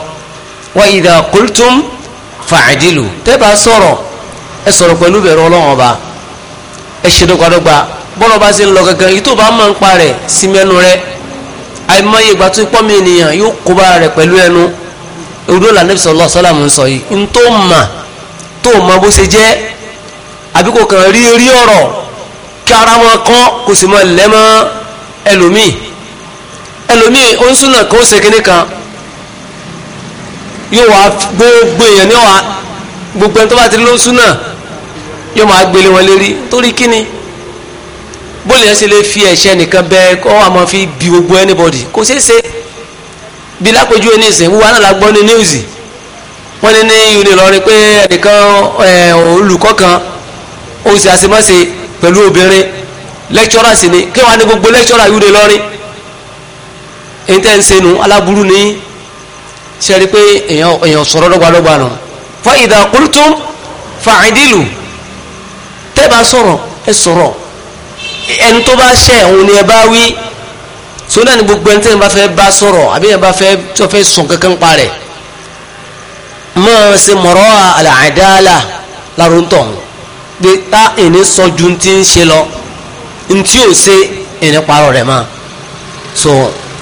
wa idha qultum fa'dilu tẹ́bà sọ̀rọ̀ ẹ sọ̀rọ̀ pẹ̀lú bẹ̀rù ọlọ́wọ́n ọba ẹ ṣe dọ́gbadọ́gba bọ́lọ̀ bá ṣe ń lọ gangan yìí tó bá máa ń pa rẹ̀ sí mẹ́nu rẹ̀ àìmọye ìgbà tó pọ́ mi ènìyàn yóò kó bá rẹ̀ pẹ̀lú ẹnu ewúrò lànàbì sọlọ sọlámù ń sọ yìí ń tó mà bó ṣe jẹ́ àbí kò kàn rí rí ọ̀rọ̀ kí ara wọn kán kò sì mọ lẹ́mọ́ ẹlòmíì ẹlòmíì ó ń súnà kó ṣe kíní kan yóò wá gbogbo èèyàn ní wa gbogbo ẹni tó bá ti ló ń súnà yóò máa gbélé wọn lérí torí kíni bóòlù yẹn ṣe lè fi ẹ̀ṣẹ̀ nìkan bẹ́ẹ̀ kọ́ wa máa fi bi gbogbo anybody kò ṣeé ṣe bí lápẹjú ẹni ìsìn wíwá náà la gbọ́ ní news wọ́n ní ní ìlú Ìlọrin pé ẹnìkan olùkọ́ kan ó ṣe pẹ̀lú obìnrin lecturer sì ni kí wọ́n á ní gbogbo lecturer ìlú Ìlọrin èyí tẹ́ ń ṣe nu aláburú ní sẹ́rí pé èèyàn sọ̀rọ̀ dọ́gbadọ́gba nù fa idha qultum fa'dilu tẹ́ bá sọ̀rọ̀ ẹ sọ̀rọ̀ ẹni tó bá ṣẹ̀ òun ni ẹ bá wí so náà ni gbogbo ẹni tẹ́ ń bá fẹ́ bá sọ̀rọ̀ àbí ẹ bá fẹ́ tó fẹ́ sùn kankan pa rẹ̀ máa ṣe mọ̀rọ́ àlàádáàlà lárúntọ̀ pé tá ah, ìní sọ ti ń ṣe lọ ntí ò ṣe ìní parọ́ rẹ̀ máa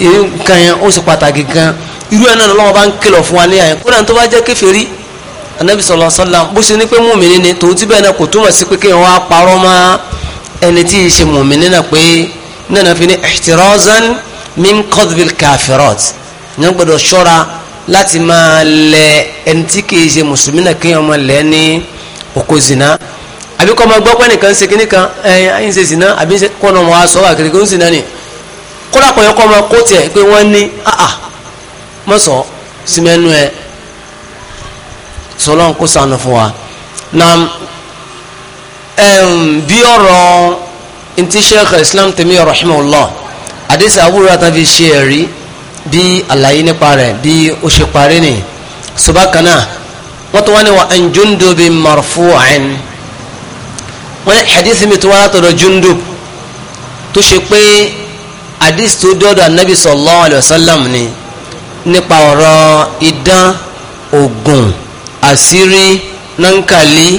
nǹkan yẹn ó sì pàtàkì gan irú ẹ̀ náà lọ́wọ́ bá ń kìlọ̀ fún wa ní àyẹ̀ kódà tó bá jẹ́ kèfèrí anabi sallallahu alaihi wasallam bó ṣe ní pé mùmíní ni tòun ti bẹ́ẹ̀ náà kò túmọ̀ sí pé kí wọ́n á parọ́ mọ́ ẹni tí ì ṣe mùmíní náà pé nana fi ni ihtirazan min qadbil kafirat ní wọ́n gbọ́dọ̀ ṣọ́ra láti máa lẹ ẹni tí kì í ṣe mùsùlùmí náà kí wọ́n máa lẹ ní oko zina àbí kọ́ máa gbọ́ pẹ́ nìkan ṣe kíníkan ẹ̀yìn ṣe zina àbí kọ́ náà wọ́n sọ wà kiri kó ń zina ni kódà kọ̀yọ́ kọ́ ọmọ kó tiẹ̀ pé wọ́n ní àà ah, ah, mọ́sọ̀ sí mẹ́nu ẹ̀ sọlọ́n kó sànù fún wa na bí ọ̀rọ̀ ntí sheikh islam tèmi rahimahullah àdéhùn àbúrò àtàfi ṣe ẹ̀rí bí àlàyé nípa rẹ̀ bí ó ṣe parí ni subakana wọ́n tó wá ní wa an jundubi marfu'an wọ́n ní hadith mi tó wá látọ̀dọ̀ jundub tó ṣe pé hadith tó dọ́dọ̀ anabi sallallahu alayhi wa sallam ni nípa ọ̀rọ̀ idán ogun àṣírí nankali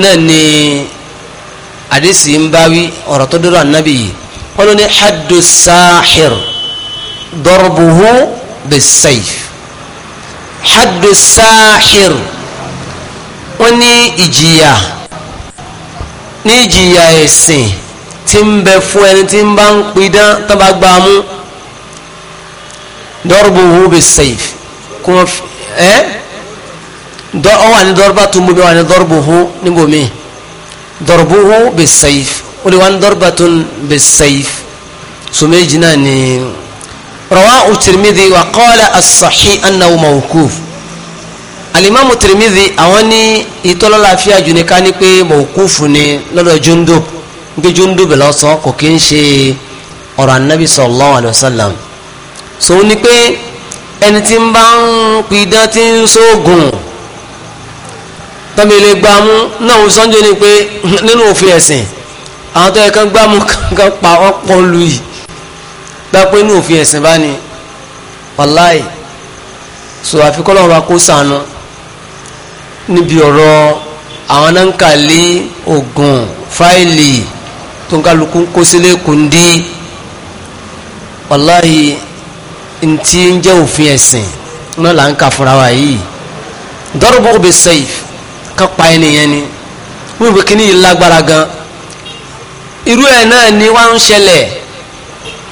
náà ni hadith ń bá wí ọ̀rọ̀ tó dọ́dọ̀ anabi yìí wọ́n ló ní haddu sahir darbuhu bisayf haddu sahir wọ́n ní ìjìyà ní ìjìyà ẹ̀sìn tí ń bẹ fún ẹni tí ń bá ń pidán tó bá gbà mú dọ́rọ̀bù hu bi sèf kó wọ́n fi ẹ́ ọ wà ní dọ́rọ̀bà tó ń bomi wà ní dọ́rọ̀bù hu níbo mi dọ́rọ̀bù hu bi sèf ó lè wà ní dọ́rọ̀bà tó ń bi sèf sùméjì náà ni rawahu tirmidhi wa qala as-sahih annahu mawquf alimamu tirmidhi àwọn ní ìtọ́lọ́láfíà jù ní ká ní pé mawquf ni lọ́dọ̀ jundub gbẹjọ ń dùbẹ̀ lọ́sọ̀ kò kí ń ṣe ọ̀rọ̀ anabi sallallahu alayhi so ní pé ẹni tí ń bá ń pidán tí ń sóògùn tọ́bi lè gbámú náà ń sọ́njọ́ ni pé *laughs* nínú òfin ẹ̀sìn àwọn tó yẹ kán gbámú *laughs* kankan pa ọ̀pọ̀ lu yìí gbá pé nínú òfin ẹ̀sìn bá ní wàláì so àfikọ́ lọ́wọ́ bá kó sànù níbi ọ̀rọ̀ àwọn náà ń kà lé oògùn fáìlì tó ń kundi, ń kó sílé kùndí wàláhì ntí ń jẹ́ òfin ẹ̀sìn náà là ń kà fúnra wa yìí dọ́rọ̀bọ̀ bẹ sẹ́yìn ká pa ẹnìyẹn ni wọ́n bẹ kí ni yìí lágbára gan irú ẹ̀ náà ni wọ́n ń ṣẹlẹ̀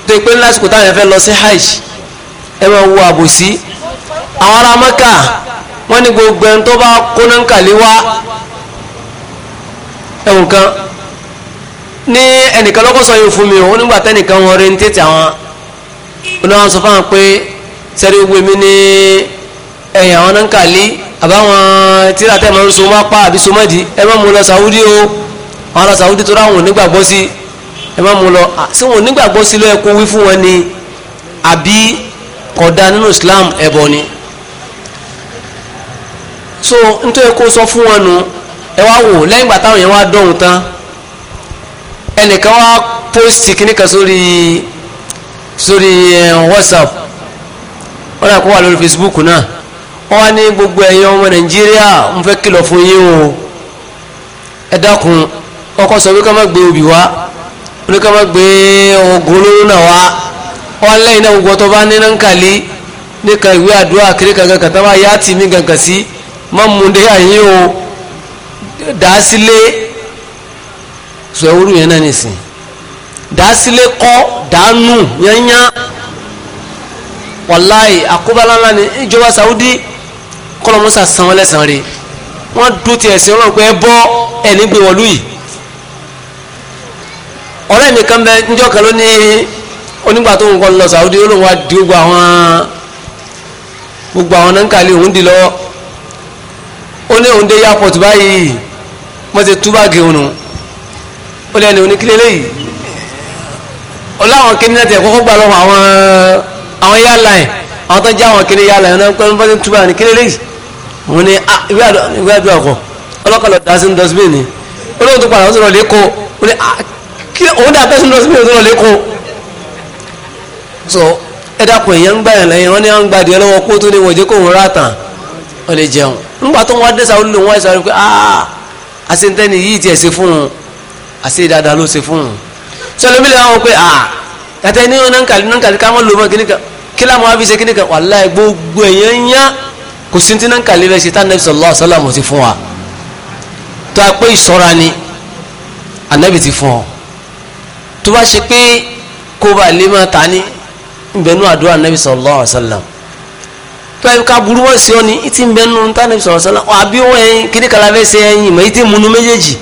tó pé lásìkò táwọn yẹn fẹ́ lọ hajj ẹ máa wo àbòsí àwọn ará mẹ́kà gbogbo ẹni tó bá kóná ń kan. ní ẹnìkan lọ́kọ́ sọ yẹn fún mi òun nígbà tẹ́nìkan wọn rí títí àwọn olóhùn sọ fáwọn pé sẹ́rí gbogbo èmi ní ẹ̀yìn àwọn náà ń kà lé àbáwọn tíra tẹ́ máa pa àbí so mọ́ di ẹ o àwọn lọ sàwúdí tó ráwọn onígbàgbọ́ sí ẹ má mú lọ sí wọn onígbàgbọ́ sí ló yẹ kó wí fún wọn ni àbí nínú Islam ni so nítorí kó sọ fún wọn nu ẹ wá wò lẹ́yìn ìgbà táwọn ẹnìkan wá pósìtì kíní kan sórí sórí whatsapp wọn náà kó wà lórí facebook náà wọn wá ní gbogbo ẹ̀yin ọmọ nàìjíríà ń fẹ́ kìlọ̀ fún yín o ẹ dákun ọkọ sọ wí ká má gbé obì wá wí ká má gbé oògùn olóró náà wá wọn lẹ́yìn náà gbogbo ọtọ bá ní nankali níka ìwé àdúrà kiri kankan kàtà yá tì mí kankan sí má mú un dé àyín o dàá fẹ́ orú yẹn náà nìsín dàásílẹ̀ kọ́ dànù yányá wàláì àkóbálá ńlá ni ìjọba Saudi kọlọmọsà sanwó lẹ́sàn-án rẹ̀ wọ́n dún ti ẹ̀sìn ọlọ́run pé ẹ bọ́ ẹni gbé wọ̀lú yìí ọ̀rẹ́ mi kan bẹ níjọ́ kan ló ní onígbà tó ń kọ́ lọ Saudi ó lóun wá di gbogbo àwọn gbogbo àwọn nankali òun di lọ́wọ́ ó ní òun dé airport báyìí wọ́n ti tú òun nù ó lẹ́nu oníkílé léyìí ọláwọn kìnìún náà tẹ̀ kọ́kọ́ gbà lọ́wọ́ àwọn àwọn yálà yẹn àwọn tó jẹ́ àwọn kìnìún yálà yẹn náà pẹ́ẹ́n bọ́dé túbà ní kílé léyìí wọn ni ah, ìwé àdúrà kọ ọlọ́kàlọ̀ dasin dọ́sbìn ni olóòtú padà ó sọ̀rọ̀ lẹ́kọ̀ọ́ ó ní ah, òun dà bẹ́sìn dọ́sbìn ó sọ̀rọ̀ lẹ́kọ̀ọ́ so ẹ dákun èèyàn ń gbà yàn lẹ́yìn wọn ni wọn ń gbàdìẹ lọ́wọ́ kó tó ní wọn jẹ́ kó wọn rà tán ọ lè jẹun nígbà tó wọn adé sàwọn olùlò wọn ẹ pé aaa ah, àṣẹ dáadáa ló ṣe fún un sọlọ́bí lè wọ́n pé ah tàtẹ́ ní ọ̀nà nkàlí náà nkàlí káwọn lò mọ́ kíníkà kí láwọn wá fi gbogbo èèyàn ń yá kò sí ti náà nkàlí ṣe tánàbí sallallahu alaihi wasallam ti fún wa tó a pé ìṣọ́ra ni ànábì ti fún ọ tó bá ṣe pé kó bá lè máa ta ní ìbẹ̀nú àdúrà ànábì sallallahu alaihi wasallam tọ́yìn ká burú wọ́n sí ọ ní ìtì ń bẹnu tánàbí sallallahu alaihi wasallam àbí wọ́n ẹyin kíníkà la fẹ́ ṣe ẹyin ìmọ̀ ìtì méjèèjì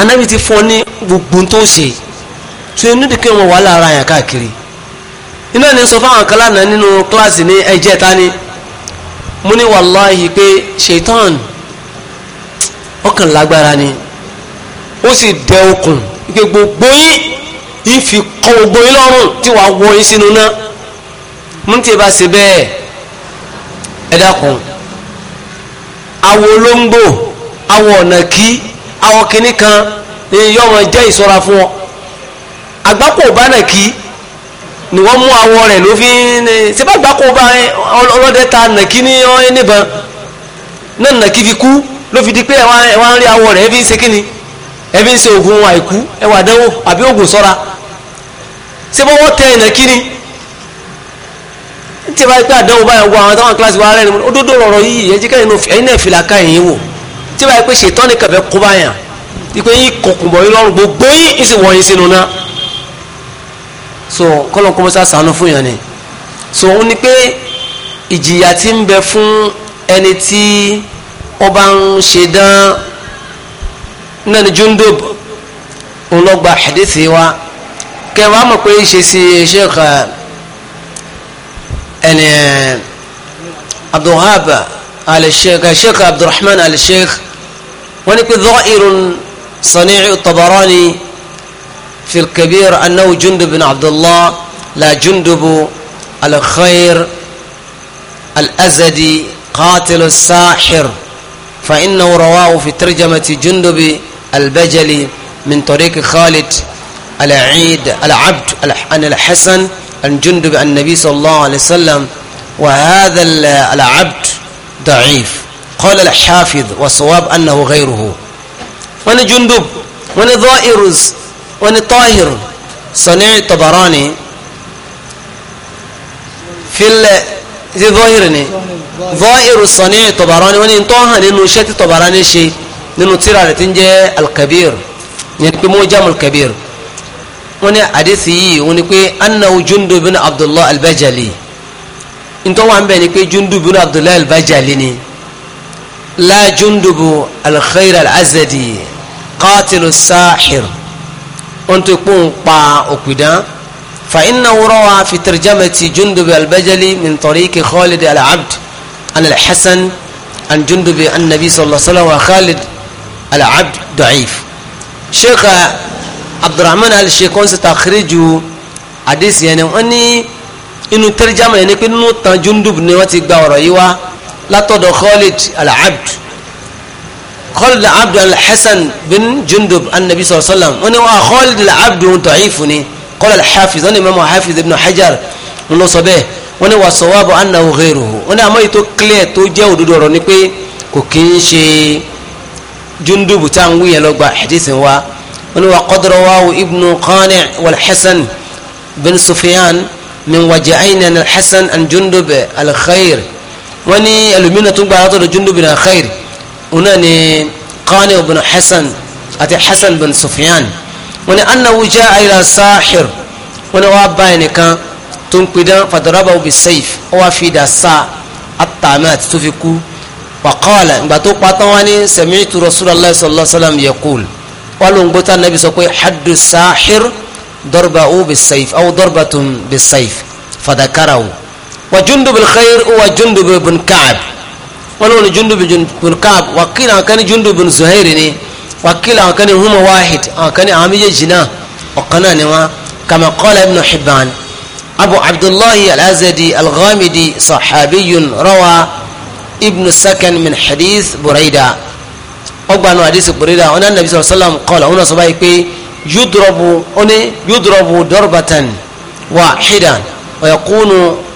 anábì ti fún ọ ní gbogbo tó ṣe tó inú dìkẹ́ wọn wà lára yàn káàkiri iná ni sọ fáwọn kan nínú kíláàsì ní ẹjẹ ta ni mo ní wàláhì pé ṣètọ́n ọkàn lágbára ni ó sì dẹ okùn ike gbogbo yín yín fi kọ gbogbo yín lọ́rùn tí wàá wọ yín sínú náà mo ń bá ṣe bẹ́ẹ̀ ẹ dákun awo olóńgbò awo ọ̀nà kí àwọn kìnnì kan ni yọ wọn jẹ́ ìṣọ́ra fún ọ àgbákò bá náà kí ni wọ́n mú awọ rẹ̀ ló fi ń sẹ́fà àgbákò bá ọlọ́dẹ ta nàkí ní níbọn náà nàkí fi kú ló fi di pé ẹ̀wọ̀n rí awọ rẹ̀ ẹ̀ fi ń ṣe kíni ẹ̀ fi ń ṣe oògùn àìkú ẹ̀wà àdánwò àbí oògùn ṣọ́ra sẹ́fà wọ́n tẹ nàkí ni tí ẹ bá yẹ pé àdánwò báyọ̀ wọ àwọn táwọn kíláàsì wa rẹ̀ ni ó dódó rọ̀rọ̀ yìí ẹ̀jẹ̀ kẹ́yìn náà fìlà ká ẹ̀yìn wò tí wàá pé ṣètọ́ ní kẹfẹ́ kó bá yàn ipe yín kọkùn bọ̀ yín lọ́rùn gbogbo yín ń sì wọ̀ yín sínú náà so kọ́lọ̀ kọ́ mọ́sá sànú fún yàn ni so ó ní pé ìjìyà tí ń bẹ fún ẹni tí ọba ń ṣe dán náà ni Jundub òun lọ gba hadithi wa kẹwàá mọ̀ pé ṣe sí sheikh eh, ẹni eh, Abdulwahab al-sheikh sheikh Abdulrahman al-sheikh. ونفي ظائر صنيع الطبراني في الكبير أنه جند بن عبد الله لا جندب الخير الأزدي قاتل الساحر فإنه رواه في ترجمة جندب البجلي من طريق خالد العيد العبد عن الحسن عن جندب النبي صلى الله عليه وسلم وهذا العبد ضعيف قال الحافظ وصواب أنه غيره وني جندب وني ضائر وني طاهر صنيع طبراني في ال دي ظاهرني ظاهر صنيع طبراني وني انطوها لأنه شاتي طبراني شيء لأنه على لتنجي الكبير يعني موجم الكبير وني حديثي وني أنه جندب بن عبد الله البجلي انتوا عم بيني جندب بن عبد الله البجلي لا جندب الخير الأزدي قاتل الساحر أنت يكون قا أكدا فإنه روى في ترجمة جندب البجلي من طريق خالد العبد عن الحسن عن جندب النبي صلى الله عليه وسلم وخالد العبد ضعيف شيخ عبد الرحمن الشيخون ستخرج حديث يعني أني إنه ترجمة يعني كأنه تجندب نواتي قا látọ̀dọ̀ khalid al-abd khalid al-abd al-hasan bin jundub anabi sallallahu alayhi wa sallam wọ́n ní wọ́n ah, khalid al-abd ń tọ̀ ẹ̀yìn fún ni qala al-hafiz wọ́n ní imam hafiz ibn hajar ń lọ sọ bẹ́ẹ̀ wọ́n ní wà sawabu annahu ghayruhu wọ́n ní àmọ́ ètò clear tó jẹ́ òdodo ọ̀rọ̀ ni pé kò kí ń ṣe jundub tá à ń wíyẹn lọ gba hadith wa wọ́n ní wà qad rawahu ibn qani' wal-hasan bin sufyan min waja'ayna al-hasan an jundub al-khayr wọ́n ní ẹlòmínà tó gba àtọ́dọ̀ Jundub bin Khair òun náà ni Qani bin Hasan àti Hasan bin Sufyan wọ́n ní annahu jaa ila sahir wọ́n ní wàá bá ẹnìkan tó ń pidán fadaraba bi sayf ó wàá fi dà sa àtàmì àti tó fi kú wàkọ́ọ̀lẹ̀ ìgbà tó patán wá ní sami'tu Rasulullah sallallahu alaihi wasallam yaqul wọ́n ló ń gbọ́tà nàbì sọ pé haddu sahir dọ́rbà ó bi sayf aw dọ́rbà tún bi wa jundub alkhair wa jundub ibn ka'ab wọn lóni jundub ibn ka'ab wakil àwọn kan ní jundub ibn zuhair ni wakil àwọn kan ní huma wahid àwọn kan ní àwọn méjèèjì náà ọ̀kan náà kama qala ibn hibban abu abdullahi al-azadi al-ghamidi sahabiyun rawa ibn sakan min hadith buraida ọgbàánu hadith buraida wọn nabi sallallahu alaihi wasallam qala wọn náà sọ báyìí yudrabu ó yudrabu darbatan wahidan wa yakunu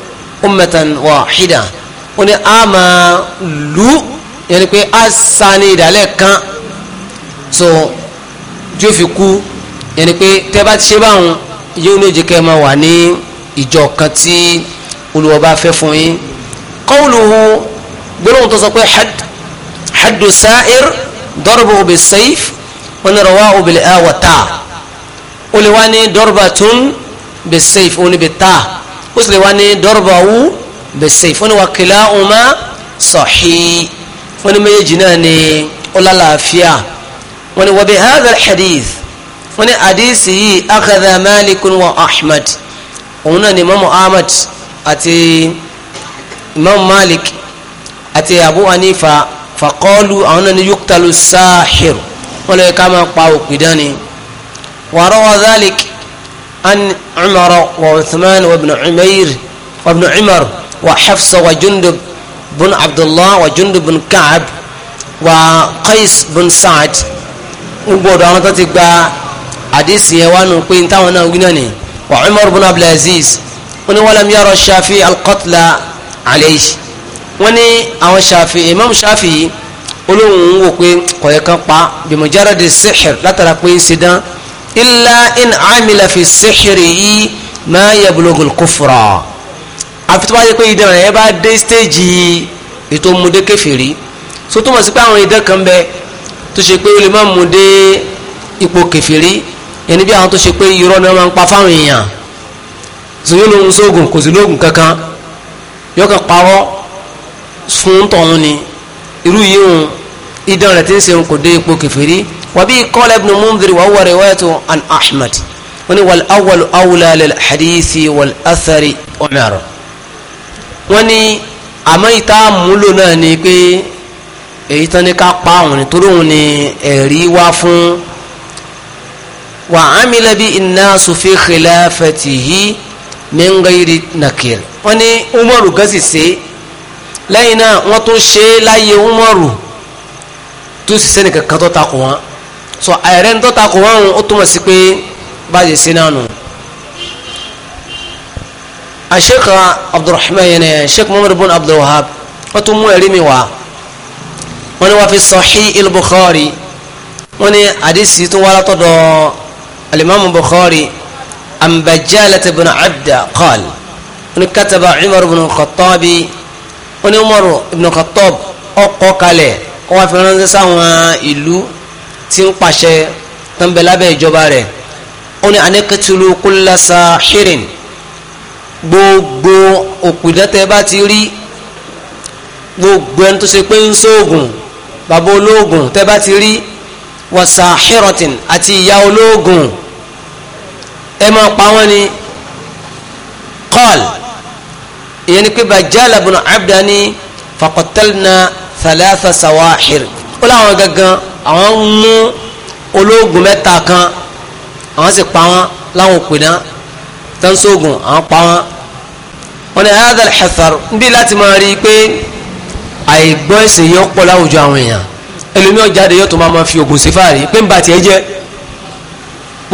ummatan wahida ó ní a máa lu yẹni pé a sa ìdálẹ̀ kan so tí ó fi kú yẹni pé tẹ́ bá ti ṣe báwọn yóò ní ìjẹ́kẹ́ máa wà ní ìjọ kan tí Olúwa bá fẹ́ fún yín qawluhu gbólóhùn tó sọ pé hadd haddu sa'ir darbuhu bis-sayf wa rawahu bil-a wa ta ó lè wá ní darbatun bis-sayf ó ní bi ta ó sì lè wá ní dọ́rọ̀bàwú bẹ̀sẹ̀ fúnni wa kìlá ọmọ sọ̀hí fúnni méjèèjì náà ni ó lálàáfíà wọ́n ni wàbí hadha hadith wọ́n ni hadith yìí akadha malikun wa ahmad òun náà ni imam ahmad àti imam malik àti abu hanifa faqalu àwọn náà ni yuktalu sahir wọ́n lè ká máa pa òpìdán ni wa rawa dhalik عن عمر وعثمان وابن عمير وابن عمر وحفص وجندب بن عبد الله وجندب بن كعب وقيس بن سعد وبودو انا تتبع حديث يوان وقين تاونا وقناني وعمر بن عبد العزيز ولم يرى الشافعي القتل عليه وني او شافعي إمام شافعي olóhùn ń wò pé kọ̀yẹ̀kan pa bìmọ̀járadì sèxìr látara pé ń illa in amila fi sihiri ma yablugul kufra àfi tó bá yẹ pé idán rẹ̀ bá dé stéèjì ètò ọmọdé kẹfìrí so tó mọ̀ sí pé àwọn idán kan bẹ tó ṣe pé ó lè má mú dé ipò kẹfìrí ẹni bí àwọn tó ṣe pé irọ́ náà máa ń pa fáwọn èèyàn so yóò lóhun sóògùn kò sí lóògùn kankan yóò kàn parọ́ fún tọ̀hún ni irú yìí òun idán rẹ̀ ti ń ṣe òun kò dé ipò kẹfìrí وبه قال ابن منذر وهو روايته عن أحمد والأول أولى للحديث والأثر عمر وني أميتا ملنا نيكي èyí tán ní ká pa òun ni torí òun ni ẹ̀rí wá fún wa amila bi innasu fi khilafatihi min ghairi nakir wọ́n ní umaru gasi ṣe lẹ́yìn náà wọ́n tún ṣe láyé umaru tó sì sẹ́ni kankan tó takò wọn so àìrẹ́ ń tọ́ta kò wọ́n ó túmọ̀ sí pé báyìí sí náà nù. Sheikh Abdurrahman yẹn Sheikh Muhammad bin Abdul Wahhab wọ́n tún mú ẹ̀rí mi wá wọ́n ní wọ́n fi Sahih al-Bukhari wọ́n ní àdìsí tó wá látọ̀dọ̀ alimami Bukhari an Bajalah ibn Abda qala wọ́n kataba Umar ibn Khattab wọ́n ní Umar ibn Khattab ó kalẹ̀ ó fi ránṣẹ́ sáwọn ìlú tí ń pàṣẹ tó ń bẹ lábẹ́ ìjọba rẹ̀ ó ní anẹ́kẹ́tìlú kulla sahirin gbogbo òpìdẹ́tẹ́ bá ti rí gbogbo ẹni tó ṣe pé ń sóògùn bàbá olóògùn tẹ́ bá ti rí wa sahiratin àti ìyá olóògùn ẹ máa pa wọ́n ni qal ìyẹn ni pé bajala ibn abdani faqatalna thalatha sawahir ó láwọn gangan àwọn ń mú ológun mẹ́ta kan àwọn sì pa wọn láwọn òpè náà tẹ́ńsógun àwọn pa wọn wọn ni hadha al-hithar ń bí láti máa rí i pé àìgbọ́ ẹ̀sìn yẹn pọ̀ láwùjọ àwọn èèyàn ẹlòmíràn jáde yóò tó máa ma fi ògùn sí fàárí pé ń ba tiẹ̀ jẹ́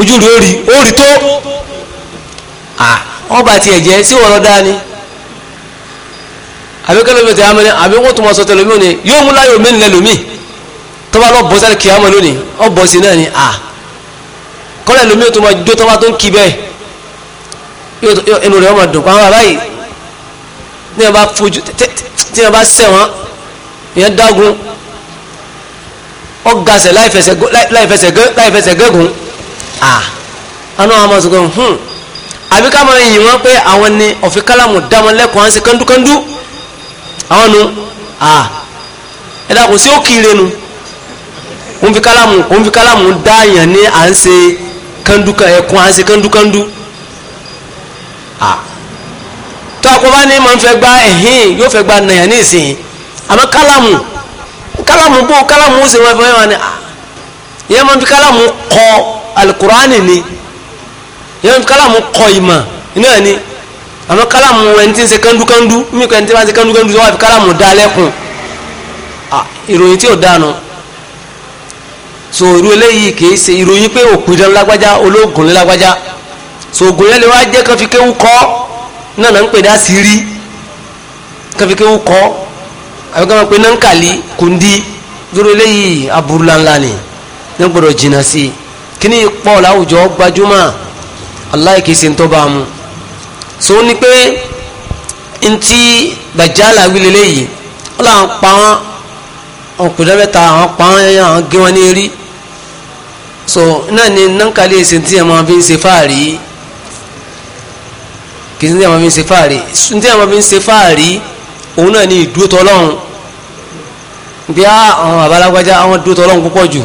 ojú rí orí orí tó wọ́n ba tiẹ̀ jẹ́ sí wọ́n lọ dá ni àbíkẹ́lẹ́mìtì àmì àbíkọ́ tó máa sọ tẹlómi ò ní yóò mú láyò mí nílẹ̀ lómi tó bá lọ bọ́ sáré kìámọ̀ lónìí ọ bọ́ sí náà ni à kọ́lẹ̀ lómi ò tó máa jó tó bá tó ń kí bẹ́ẹ̀ ẹnu rẹ̀ ọmọ dùn pa àwọn bàbá yìí ní ọba fojú tí ọba sẹ̀wọ̀n ìyẹn dágun ọgàsẹ̀ láìfẹsẹ̀ gẹ́gùn ah anú àwọn ọmọ sọ̀gbọ́n hùn hmm, àbí ká máa yìn wọ́n pé àwọn ni ọ̀fi kálámù dámọ́ lẹ́kọ̀ọ́ à ń ṣe àwọn nu ah ẹ̀dá kò sí òkìrè nu òun fi kálámù òun fi kálámù dáàyàn ní à ń ṣe kánduka ẹ̀kún à ń ṣe kándukandu à tó àkóbá ní ma ń fẹ́ gba ẹ̀hìn yóò fẹ́ gba nàyàn ní ìsìn àmọ́ kálámù kálámù bó kálámù ó ṣe wọn fẹ́ wọn ni à ah. ìyẹn ma ń fi kálámù kọ alukurani ni ìyẹn ma ń fi kálámù kọ ìmọ̀ náà ni àmọ́ kálámù ẹni tí ń ṣe kándukandu mímu ẹni tí ń kandu kandu tó wà fi kálámù dá lẹ́kùn à ah, ìròyìn tí ò dáa No so irú eléyìí kìí ṣe ìròyìn pé òpìdán lágbájá ológun ní lágbájá so ògùn yẹn lè wá jẹ́ kan fi kéwú kọ́ náà náà ń pè dá sí rí kan fi kéwú kọ́ àbí máa pe náà ń kàlí kùndí dúró eléyìí aburú ńláńlá ni ní gbọdọ̀ jìnnà sí i kíní pọ̀ láwùjọ gbajúmọ̀ aláì kìí ṣe ń tọ́ba mu so ó ní pé ntí bàjálà wílé léyìí ó là ń pa wọn òpìdán mẹ́ta àwọn pa wọn yẹn àwọn gé wọn ní erí so náà ni nankali ẹsẹ tí a máa fi ń ṣe fáàrí kì í ṣe tí a máa fi ń ṣe fáàrí tí a máa fi ń ṣe fáàrí òun náà ni ìdúró tọlọ́run bí àwọn àbálágbájá àwọn dúró tọlọ́run púpọ̀ jù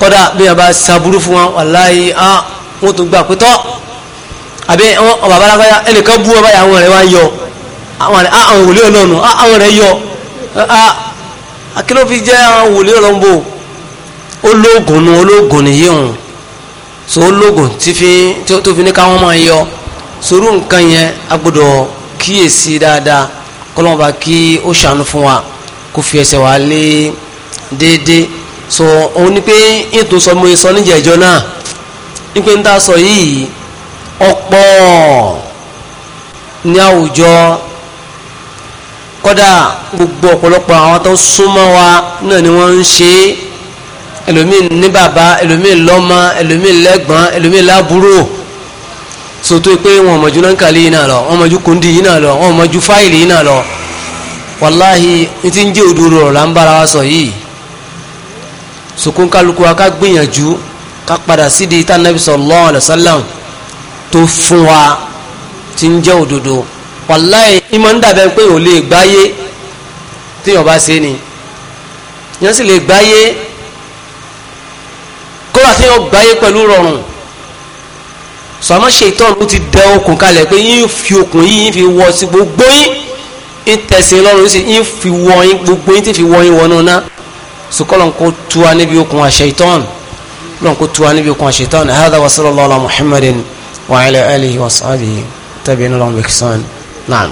kódà bí a bá ṣàbúrú fún wọn wàláyé á wọn tó gbà pé tọ́ àbí àwọn àbálágbájá ẹnìkan bú wọn báyìí àwọn rẹ̀ wá ń yọ àwọn rẹ̀ àwọn yọ akíló fi jẹ́ àwọn wòlé ọlọ́run ológun nu ológun nìyí hùn so ológun tó fi ní káwọn máa yọ sòrò nǹkan yẹn a gbọ́dọ̀ kíyèsí dáadáa kọ́lọ́mọba kí ó ṣàánú fún wa kó fi ẹsẹ̀ wa lé déédéé so òun ni pé ètò sọmọ ìsọ níjẹ̀jọ́ náà ipe ń tá a sọ yìí ọ̀pọ̀ ní àwùjọ kódà gbogbo ọ̀pọ̀lọpọ̀ àwọn tó súnmọ́ wa náà ni wọ́n ń ṣe é ẹlòmíì ní bàbá ẹlòmíì lọ́mọ ẹlòmíì lẹ́gbọ́n ẹlòmíì lábúrò soto pé wọn mọ̀jú lọ́nkàlì yìí náà lọ wọn mọ̀jú kundi yìí náà lọ wọn mọ̀jú fáìlì yìí náà lọ wàláhì n ti ń jẹ́ òdòdó rọ̀ là ń bára wa sọ yìí sokun kálukú wa ká gbìyànjú ká padà sídìí tá nàbì sallallahu alaihi wasallam tó fún wa ti ń jẹ́ òdodo wàláyé ìmọ̀ ń dàbẹ̀ pé ò lè gbáyé téèyàn bá ṣe ni èèyàn sì lè gbáyé kódà tí yóò gbáyé pẹ̀lú rọrùn sọmọ ṣètọ́nù ó ti dẹ okùn kalẹ̀ pé yín fi okùn yín fi wọ sí gbogbo yín ń tẹ̀sí lọ́rùn sí yín fi wọ yín gbogbo yín ti fi wọ yín wọnú ná sukọlọ̀ ń kó tu wa níbi okùn àṣetọ́nù lọ́n kó tu wa níbi okùn àṣetọ́nù hadha wa sallallahu ala muhammadin wa ala alihi wa sahbihi tabi'in lahum bi ihsan naam.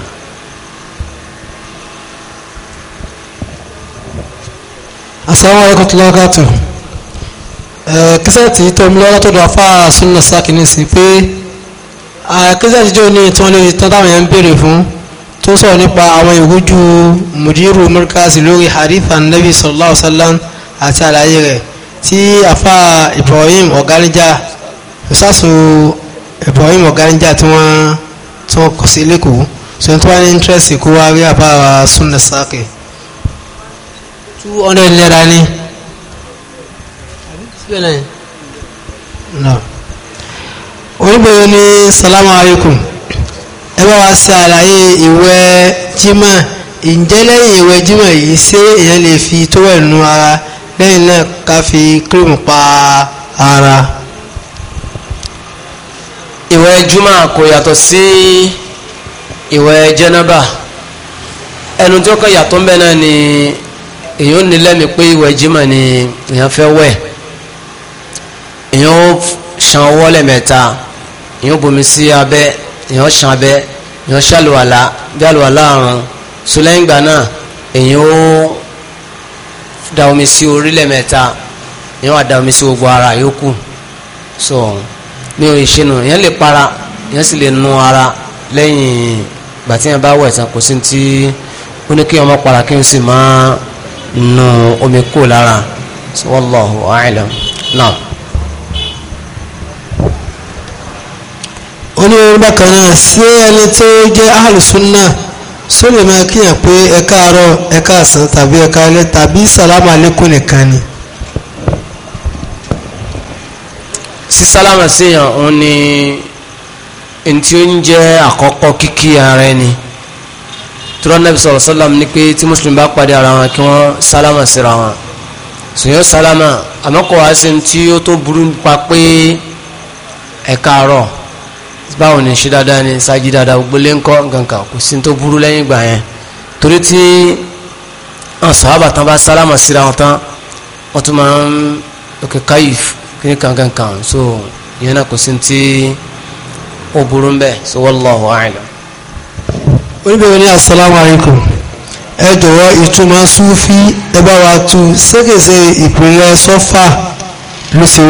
asalaamualeykum wa rahmatulahi wa barakatuh kíṣẹ́ẹ̀tì tó ń lọ látọ̀dọ̀ afá súnà sákìní sí pé kíṣẹ́ẹ̀tì jẹ́ òní tí wọ́n lè tán táwọn yẹn ń béèrè fún tó sọ̀rọ̀ nípa àwọn ìwújú mùdírù mọ́ríkàsì lórí hadith anabi sallallahu alayhi wa sallam àti àlàyé rẹ̀ tí afá Ibrahim ọ̀gánijà ìsásù Ibrahim ọ̀gánijà tí wọ́n tí wọ́n kọ̀ sí lẹ́kọ̀ọ́ sọ̀rọ̀ tó wá ní interest kó wá rí afá súnà sákì two hundred naira ni oníbẹ̀rẹ̀ ní salamu alaikum ẹ bá wa ṣe àlàyé ìwẹ̀ jímọ̀ ǹjẹ́ lẹ́yìn ìwẹ̀ jímọ̀ yìí ṣé èèyàn lè fi tówẹ̀ nu ara lẹ́yìn náà ká fi kírìmù pa ara. ìwẹ̀ jùmọ̀ kò yàtọ̀ sí ìwẹ̀ jẹ́nàbà ẹnu tí ó kọ yàtọ̀ ń bẹ náà ni èèyàn ò ní lẹ́mìí pé ìwẹ̀ jímọ̀ ni èèyàn fẹ́ wẹ̀ èèyàn ó ṣan ọwọ́ lẹ́mẹ̀ta èèyàn ó bomi sí abẹ́ èèyàn ó ṣan abẹ́ èèyàn ó ṣàlùwàlà bí àlùwàlà àrùn so náà èèyàn ó da omi sí orí lẹ́mẹ̀ta èèyàn á da omi sí gbogbo ara yòókù so ní oyin ṣinu èèyàn lè para èèyàn sì lè nu ara lẹ́yìn ìgbà tí èèyàn bá wẹ̀ tán kò sí ti ó ní kí ọmọ para kí n sì máa nu omi kú lára so wallahu a'lam náà. ó ní orí bákan náà sí ẹni tó jẹ́ alùsùnà só lè máa kíyàn pé ẹ káàárọ̀ ẹ káàsán tàbí ẹ káalẹ́ tàbí sàlámù alékún nìkan ni. sísálámà síyàn òun ni ntí ó ń jẹ́ àkọ́kọ́ kíkí ara ẹni turanabi sọ̀rọ̀ sálàmù ni pé tí mùsùlùmí bá pàdé ara wọn kí wọ́n sálámà síra wọn sùnyọ́ sálámà àmọ́ kò wá sí ní tí ó tó burú nípa pé ẹ káàárọ̀ báwo ni ṣe dáadáa ni ṣáájú dáadáa gbogbo lé ńkọ́ nǹkankan kò sí tó burú lẹ́yìn ìgbà yẹn torí tí àwọn sàhábà tán bá sálámà síra wọn tán wọ́n tún máa ń òkè káyìf kíní kankankan so ìyẹn náà kò sí tí ó burú ń bẹ̀ so wallahu a'lam. oníbẹ̀rẹ̀ ní asalaamu ẹ jọ̀wọ́ ìtumọ̀ sufi ẹ bá wa tu ṣégeṣe ìpínlẹ̀ sọ́fà ló ṣe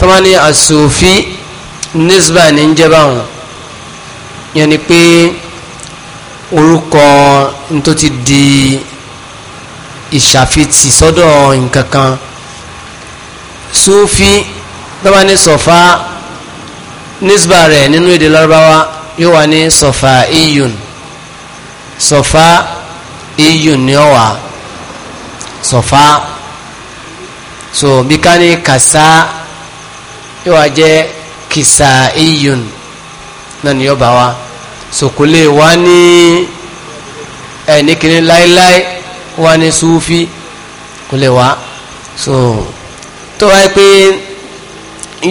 tọ́mọ́ ní àsòfí nisba ní ń jẹ́ báwọn yẹn ni pé orúkọ tó ti di ìṣàfitì sọ́dọ̀ nǹkan kan sófí tọ́mọ́ ní sọ̀fà nisba rẹ̀ nínú èdè lárúbáwá yóò wá ní sọ̀fà iyùn sọ̀fà iyùn ni ó wà sọ̀fà so bí ká ní kàsá yóò wá jẹ́ kìsàáyùn náà ni yóò bá wa sòkòlè wá ní ẹni láéláé wá ní súfì kò lè so tó wáyé pé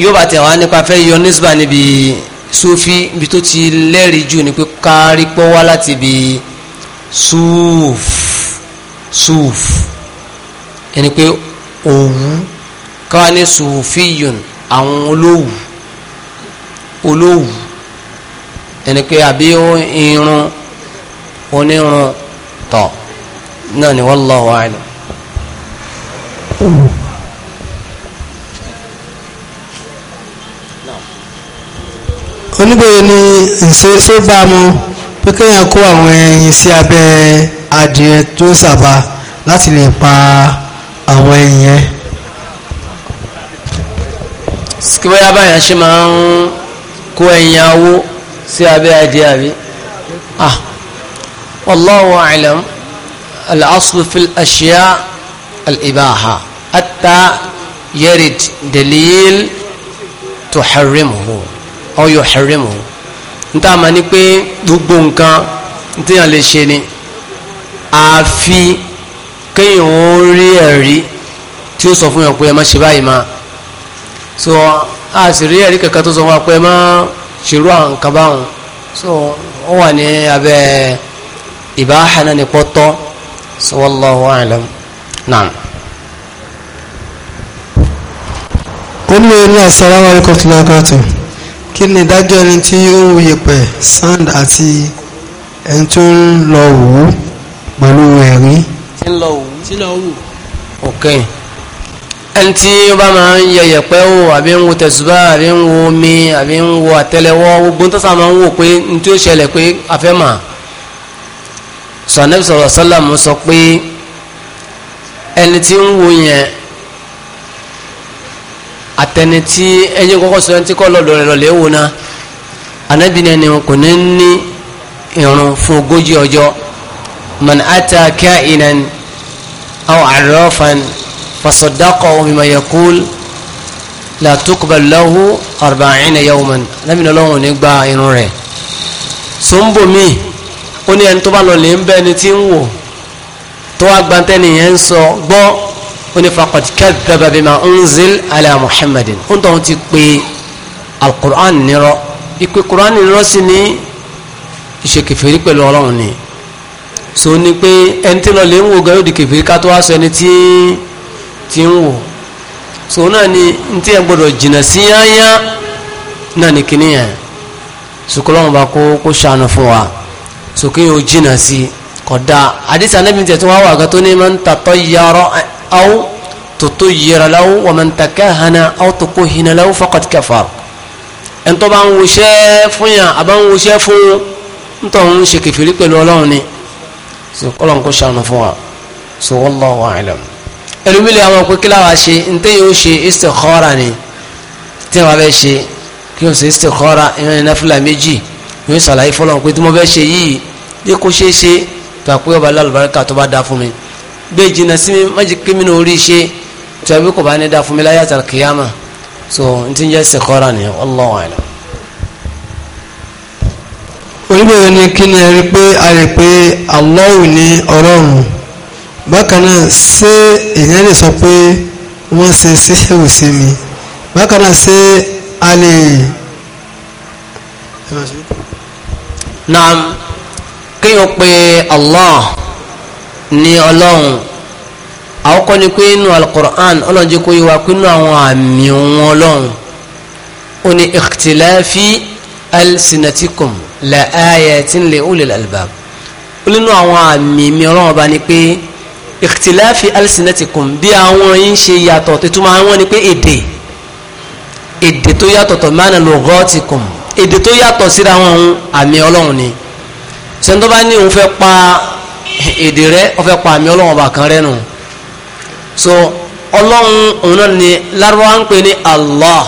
yóò bá tẹ̀ wá nípa fẹ́ yọ nísbà níbi súfì ibi tó ti lẹ́rìí jù ni pé kárí pọ́ wá láti ibi súf súf ẹni pé òwú káwá ní súfìyùn. So, àwọn olówù olówù ẹni pé àbí irun onírun tọ̀ náà ni wallahu a'lam. oníbèrè ni ǹṣe ṣó bá mu pé kéèyàn kó àwọn ẹyin sí abẹ́ adìẹ tó sàbà láti lè pa àwọn ẹyin yẹn sikibaya báyàn ṣe máa ń kó ẹ̀yìn awó sí abẹ́ adé àbí ah wallahu a'lam al-aslu fil ashiya al-ibaha hatta yarid dalil tuharrimuhu aw yuharrimuhu níta ma ní pé gbogbo nǹkan tíyàn lè ṣe ni àfi kéèyàn ó rí ẹ̀rí tí ó sọ fún yàn pé ẹ má ṣe báyìí máa so a sì rí ẹ̀rí kankan tó sọ wọn pé má ṣerú àwọn nǹkan báwọn so ó wà ní abẹ́ ìbáhà náà ní pọ́tọ́ so wallahu a'lam naam. onímọ̀ ní assalamu alaikum tó lágbàtà kí ni ìdájọ́ ẹni tí ó ń yẹ̀pẹ̀ sand àti ẹni tó ń lọ wò ó pẹ̀lú ẹ̀rí. tí ń lọ wò ó. tí ń lọ wò ó. okay. ẹni tí ó bá máa ń yẹ yẹ̀pẹ́ wò àbí ń wo tẹ̀sùbá àbí ń wo omi àbí ń wo àtẹ́lẹwọ́ gbogbo tó sá máa ń wò sọ anabi sọ̀rọ̀ sọ pé ẹni tí ń wo yẹn àtẹni tí ẹni kọ́kọ́ sọ ẹni tí kọ́ ni kò ní ní irun fún ogójì ọjọ́ man ata kainan aw fasadaqahu bima yaqul la tuqbal lahu arba'ina yawman lẹ́mìn ọlọ́run ní gba irun rẹ̀ so ń bò mí ó ní ẹni tó bá lọ lè ń bẹ ẹni tí ń wò tó wá gbantẹ́ nìyẹn ń sọ gbọ́ ó ní faqad kadhaba bima unzil ala muhammadin ó ń tọ́hún ti pé alukur'an nírọ́ ìpè kur'an nírọ́ sí ní ìṣèkèfèrí pẹ̀lú ọlọ́run ni so ní pé ẹni tí lọ lè ń wò gan di kèfèrí ká tó wá sọ ẹni tí tí ń wò so náà ni n tí ẹ gbọ́dọ̀ jìnnà sí yáyá náà ni kìíní yẹn sukọlọ́wọ́n bá kó kó ṣàánú fún wa sókè yóò jìnnà sí kódà àdìsí anábì tẹ̀ tí wọ́n wà gàtó ní man tatayyara aw tutuyyira lahu wa man takahana aw tukuhina lahu faqad kafar ẹ̀ ń tọ́ bá ń wuṣẹ́ fún yàn àbá ń wuṣẹ́ fún ntọ́ ń ṣe kẹfìrí pẹ̀lú ọlọ́run ni sukọlọ́wọ́n kó ṣàánú fún wa so wallahu a'lam ẹlòmílẹ̀ àwọn pé kí láwa ṣe ntẹ́ yóò ṣe istikhara ni tí wọ́n fẹ́ ṣe kí wọ́n ṣe istikhara ìwọ̀n ní náfìlà méjì yóò ṣàlàyé fọlọ́n pé tí mo fẹ́ ṣe yìí bí kò ṣeé ṣe tó àpé ọba lálùbáríkà tó bá dá fún mi gbé jìnnà sí mi má jẹ́ kí mi náà rí ṣe tó àbí kò bá ní dá fún mi láyé àtàlù kìyàmà so n ti ń jẹ́ istikhara ni Allahu a'lam. oníbẹ̀rẹ̀ ni kí ni ẹ rí pé a rí pé bákan náà ṣé èèyàn lè sọ pé wọ́n ṣe síṣẹ́wò sí mi bákan náà ṣé a lè. naam kéèyàn pé Allah ní ọlọ́run àkọ́kọ́ ni pé inú alukur'an ọlọ́run jẹ́ kó yé wa pé inú àwọn àmì òun ọlọ́run ó ní ikhtilafi alsinatikum la ayatin li ulil albab ó nínú àwọn àmì mi ọlọ́run ọba ni pé ìkìtìláfi alìsìnẹ́tìkùn bí àwọn yìí ń ṣe yàtọ̀ tètùmọ̀ àwọn ni pé èdè èdè tó yàtọ̀ tọ̀ mánà lọ́gọ́tìkùn èdè tó yàtọ̀ síra wọn ohun àmì ọlọ́run ni sẹ́ni tó bá ní òun fẹ́ pa èdè rẹ ó fẹ́ pa àmì ọlọ́run ọba kan rẹ nù so ọlọ́run òun náà ni lárúbáwá ń pè ní Allah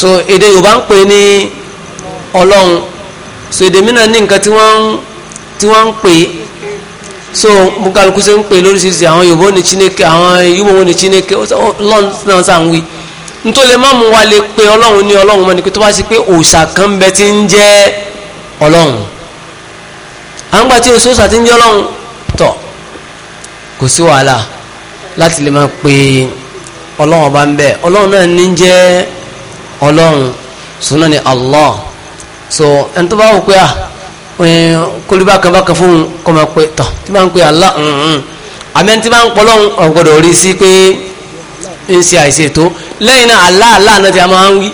so èdè yorùbá ń pè ní ọlọ́run so èdè mìíràn ní nǹkan tí wọ́n ń pè é so mukaluku ṣe ń pè lóríṣiríṣi àwọn yorùbá ní chineke àwọn yorùbá wọn ní chineke ọlọ́run náà sàn wí nítorí má mú wa lè pe ọlọ́run ní ọlọ́run mọ́ ni pé tó bá ṣe pé òòṣà kan bẹ ti ń jẹ́ ọlọ́run àwọn gbà tí oṣù ti ń jẹ́ ọlọ́run tọ̀ kò sí wàhálà láti lè máa pe ọlọ́run ọba ń bẹ ọlọ́run náà ní jẹ́ ọlọ́run sùnà ni Allah so ẹni tó bá wò pé à. Ah, Eh, kólúbà kan bá kan fún kọ́ máa pẹ́ tán tí máa ń pẹ́ Allah mm-hmm. àmẹ́ tí máa ń pọ́ lọ́hùn ọ̀gbọ́dọ̀ rí sí pé ń ṣe àìsè tó lẹ́yìn náà Allah Allah náà ti a máa ń wí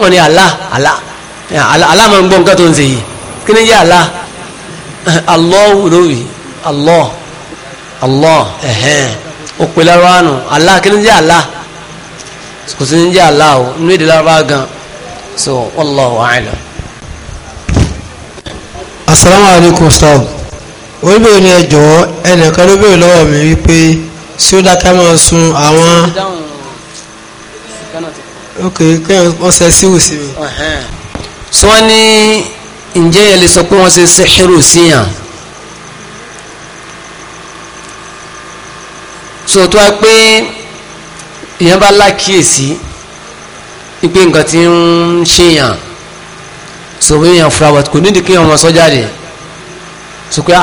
wọ́n ní Allah Allah Allah máa ń gbọ́ nǹkan tó ń ṣe yìí kí ni yẹ́ *laughs* Allah Allah lórí Allah Allah ẹ̀hẹ́n òpè lárúbá nù Allah kí ni yẹ́ Allah kò sí ní yẹ́ Allah o nínú èdè lárúbá gan so wallahu a'lam. Assalamu alaikum sir oníbèrè ni ẹ jọ̀wọ́ ẹnìkan ló béèrè lọ́wọ́ mi wípé tí ó dáká máa sun àwọn ok kẹ́hìn wọ́n ṣe síhù sí mi. sọ wọ́n ní ǹjẹ́ yẹn lè sọ pé wọ́n ṣe sẹ́hìrù síyàn so tó wá pé èèyàn bá lákìyèsí wípé nǹkan ti ń ṣèyàn sọ̀rọ̀ èèyàn fura wà kò nídìí kéèyàn wọn sọ jáde sọ pé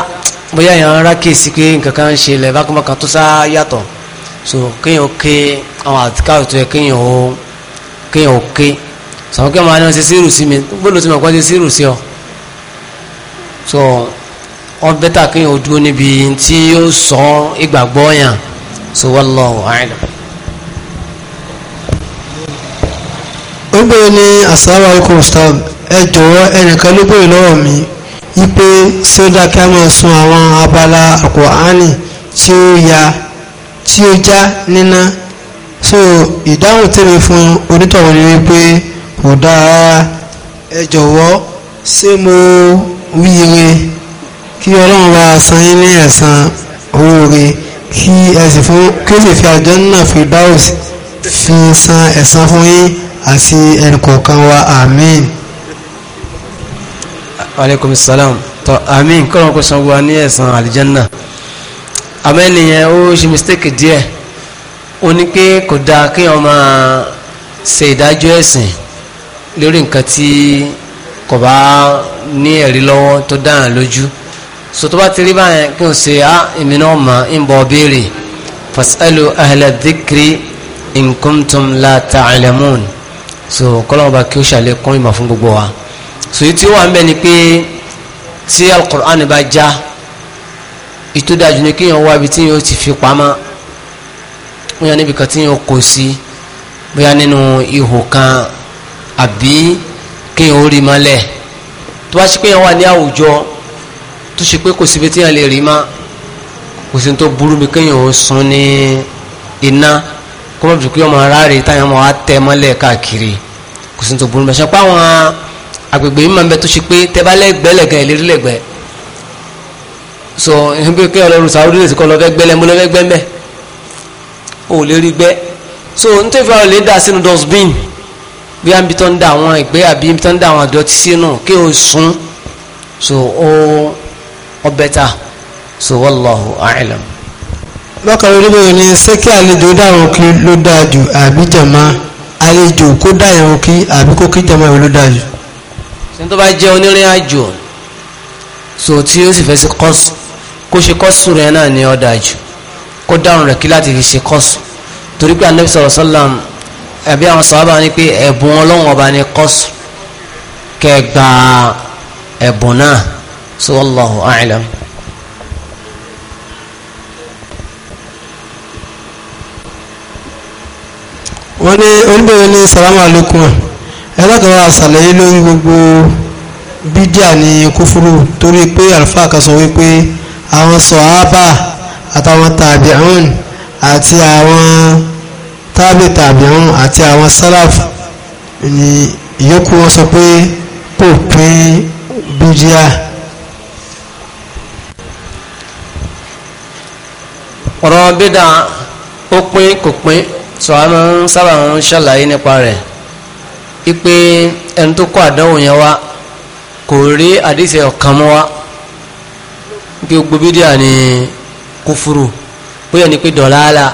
bóyá èèyàn ń rákèsí pé nǹkan kan ń ṣe ilẹ̀ bákanbákan tó sá yàtọ̀ sọ kéèyàn ké àwọn àtikáwò tó yẹ kéèyàn ó kéèyàn ó ké sọ̀rọ̀ kéèyàn máa ní wọn ṣe sírù sí mi gbọ́dọ̀ sí mi kọ́ ṣe sírù sí ọ sọ wọn bẹ́tà kéèyàn ó dúró níbi tí yóò sọ ìgbàgbọ́ yàn sọ wallahu a'lam. ó bèèrè ní asawa okun stab ẹ jọ̀wọ́ ẹnìkan ló bèèrè lọ́wọ́ mi wípé sódà kí a máa sun àwọn abala àkùránì tí ó ya tí ó já níná so ìdáhùn tèmi fún onítọ̀wọ́ ni wípé kò dáa ẹ jọ̀wọ́ ṣé mo wíire kí ọlọ́run bá san yín ní ẹ̀san oore kí ẹ sì fún kí ó sì fi àjọ náà fi dáhùn fi san ẹ̀san fún yín àti ẹnì kọ̀ọ̀kan wa amen. aleykum salam tọ amin kọ́nà kó san wa ní ẹ̀sán àlìjẹ́nà amẹ́ni yẹn ó ṣe mistake díẹ̀ ó ní pé kò dáa kéèyàn máa ṣe ìdájọ́ ẹ̀sìn lórí nǹkan tí kò bá ní ẹ̀rí lọ́wọ́ tó dáhàn lójú so tó bá ti rí báyẹn kí n ṣe á èmi náà mọ̀ ń bọ̀ béèrè fasalu ahla dhikri in la ta'lamun so kọ́lọ́mọba kí ó ṣàlékún ìmọ̀ fún gbogbo wa so èyí tí ó wà ń bẹ ni pé tí alukur'an bá já ètò dájú ni kéèyàn wá ibi tí yóò ti fi pamọ́ bóyá níbi kan tí yóò kó sí bóyá nínú ihò kan àbí kéèyàn ó rí mọ́lẹ̀ tó bá ṣe pé yẹn wà ní àwùjọ tó ṣe pé kò síbi tí yẹn lè rí mọ́ kò sí ní tó burú bí kéèyàn ó sun ní iná kọ́mọ̀ dùkú ọmọ aráàlú táyà máa wá tẹ́ mọ́lẹ̀ káàkiri kò sí tó burú mẹ́sàn-án pé àwọn agbègbè yìí máa ń bẹ tó ṣe pé tẹ́bálẹ̀ gbẹ́lẹ̀gàn ìlérí lẹ̀gbẹ́ so ìhìn *laughs* bí kí ọlọ́run sàá orílẹ̀ èdè kan lọ́fẹ́ gbẹ́lẹ̀ mú lọ́fẹ́ gbẹ́mẹ́ ò lè rí gbẹ́ so nítorí fún àwọn lè dà sínú dustbin bí wọ́n bí tó ń da àwọn ìgbé àbí tó ń da àwọn àdọ́tí sínú kí o sùn so ó ọbẹ̀ ta so wallahu a'lam bákan olóbó yìí ni ṣé kí àlejò dárun kí ló dáa jù àbí jàmá àlejò kó dá irun kí àbí kó kí jàmá ìwé ló dáa jù. ṣé tó bá jẹ́ onírìn àjò so tí ó sì fẹ́ sí kọ́sù kó ṣe kọ́sù rẹ̀ náà ni ó dáa jù kó dárun rẹ̀ kí láti fi ṣe kọ́sù torí pé anabi sọ̀rọ̀ sọ́làm ẹ̀bí àwọn sọ̀rọ̀ bá ní pé ẹ̀bùn ọlọ́run ọba ni kọ́sù kẹgbàá ẹ̀bùn náà so Allahu a'lam. wọ́n ní oníbẹ̀rẹ̀ ní salamu alaykum ẹlẹ́kọ̀ọ́ àṣàlẹ̀ yìí lórí gbogbo bídíà ní kúfúrú torí pé àlùfáà kan sọ wípé àwọn sọ̀hábà àtàwọn tàbíùn àti àwọn tábì tàbíùn àti àwọn sálàf ní ìyókù wọn sọ pé kò pín bídíà. ọ̀rọ̀ bídà ó pín kò pín sọ a máa ń sábà ń ṣàlàyé nípa rẹ̀ wípé ẹni tó kọ́ àdánwò yẹn wá kò rí àdìsẹ́ ọ̀kan mọ́ wá kí gbogbo bídíà ni kúfúrú bóyá ni pé dọ̀láàlà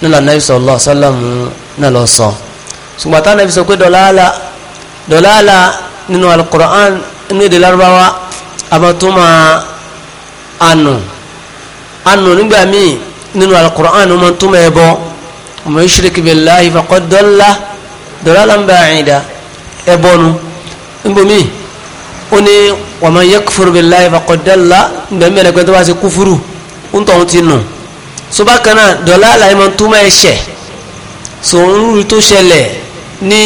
náà lọ nàbí sọlọ sọlọmù náà lọ sọ ṣùgbọ́n táwọn nàbí sọ pé dọ̀láàlà dọ̀láàlà nínú alukur'an nínú èdè lárúbáwá abatuma anu anu nígbà míì nínú alukur'an wọn tó mẹ́ bọ́ ọmọ yushrik billahi faqad dalla dalalan ba'ida ẹbọnu nbomi ó ní wa man yakfur billahi faqad dalla nbẹ̀mẹ̀rẹ̀ pé tó bá ṣe kúfúrú ń tọ̀ ti nù soba kan náà dọ̀lá àlàyémọ̀ tó máa ṣẹ̀ sòrúurú tó ṣẹlẹ̀ ní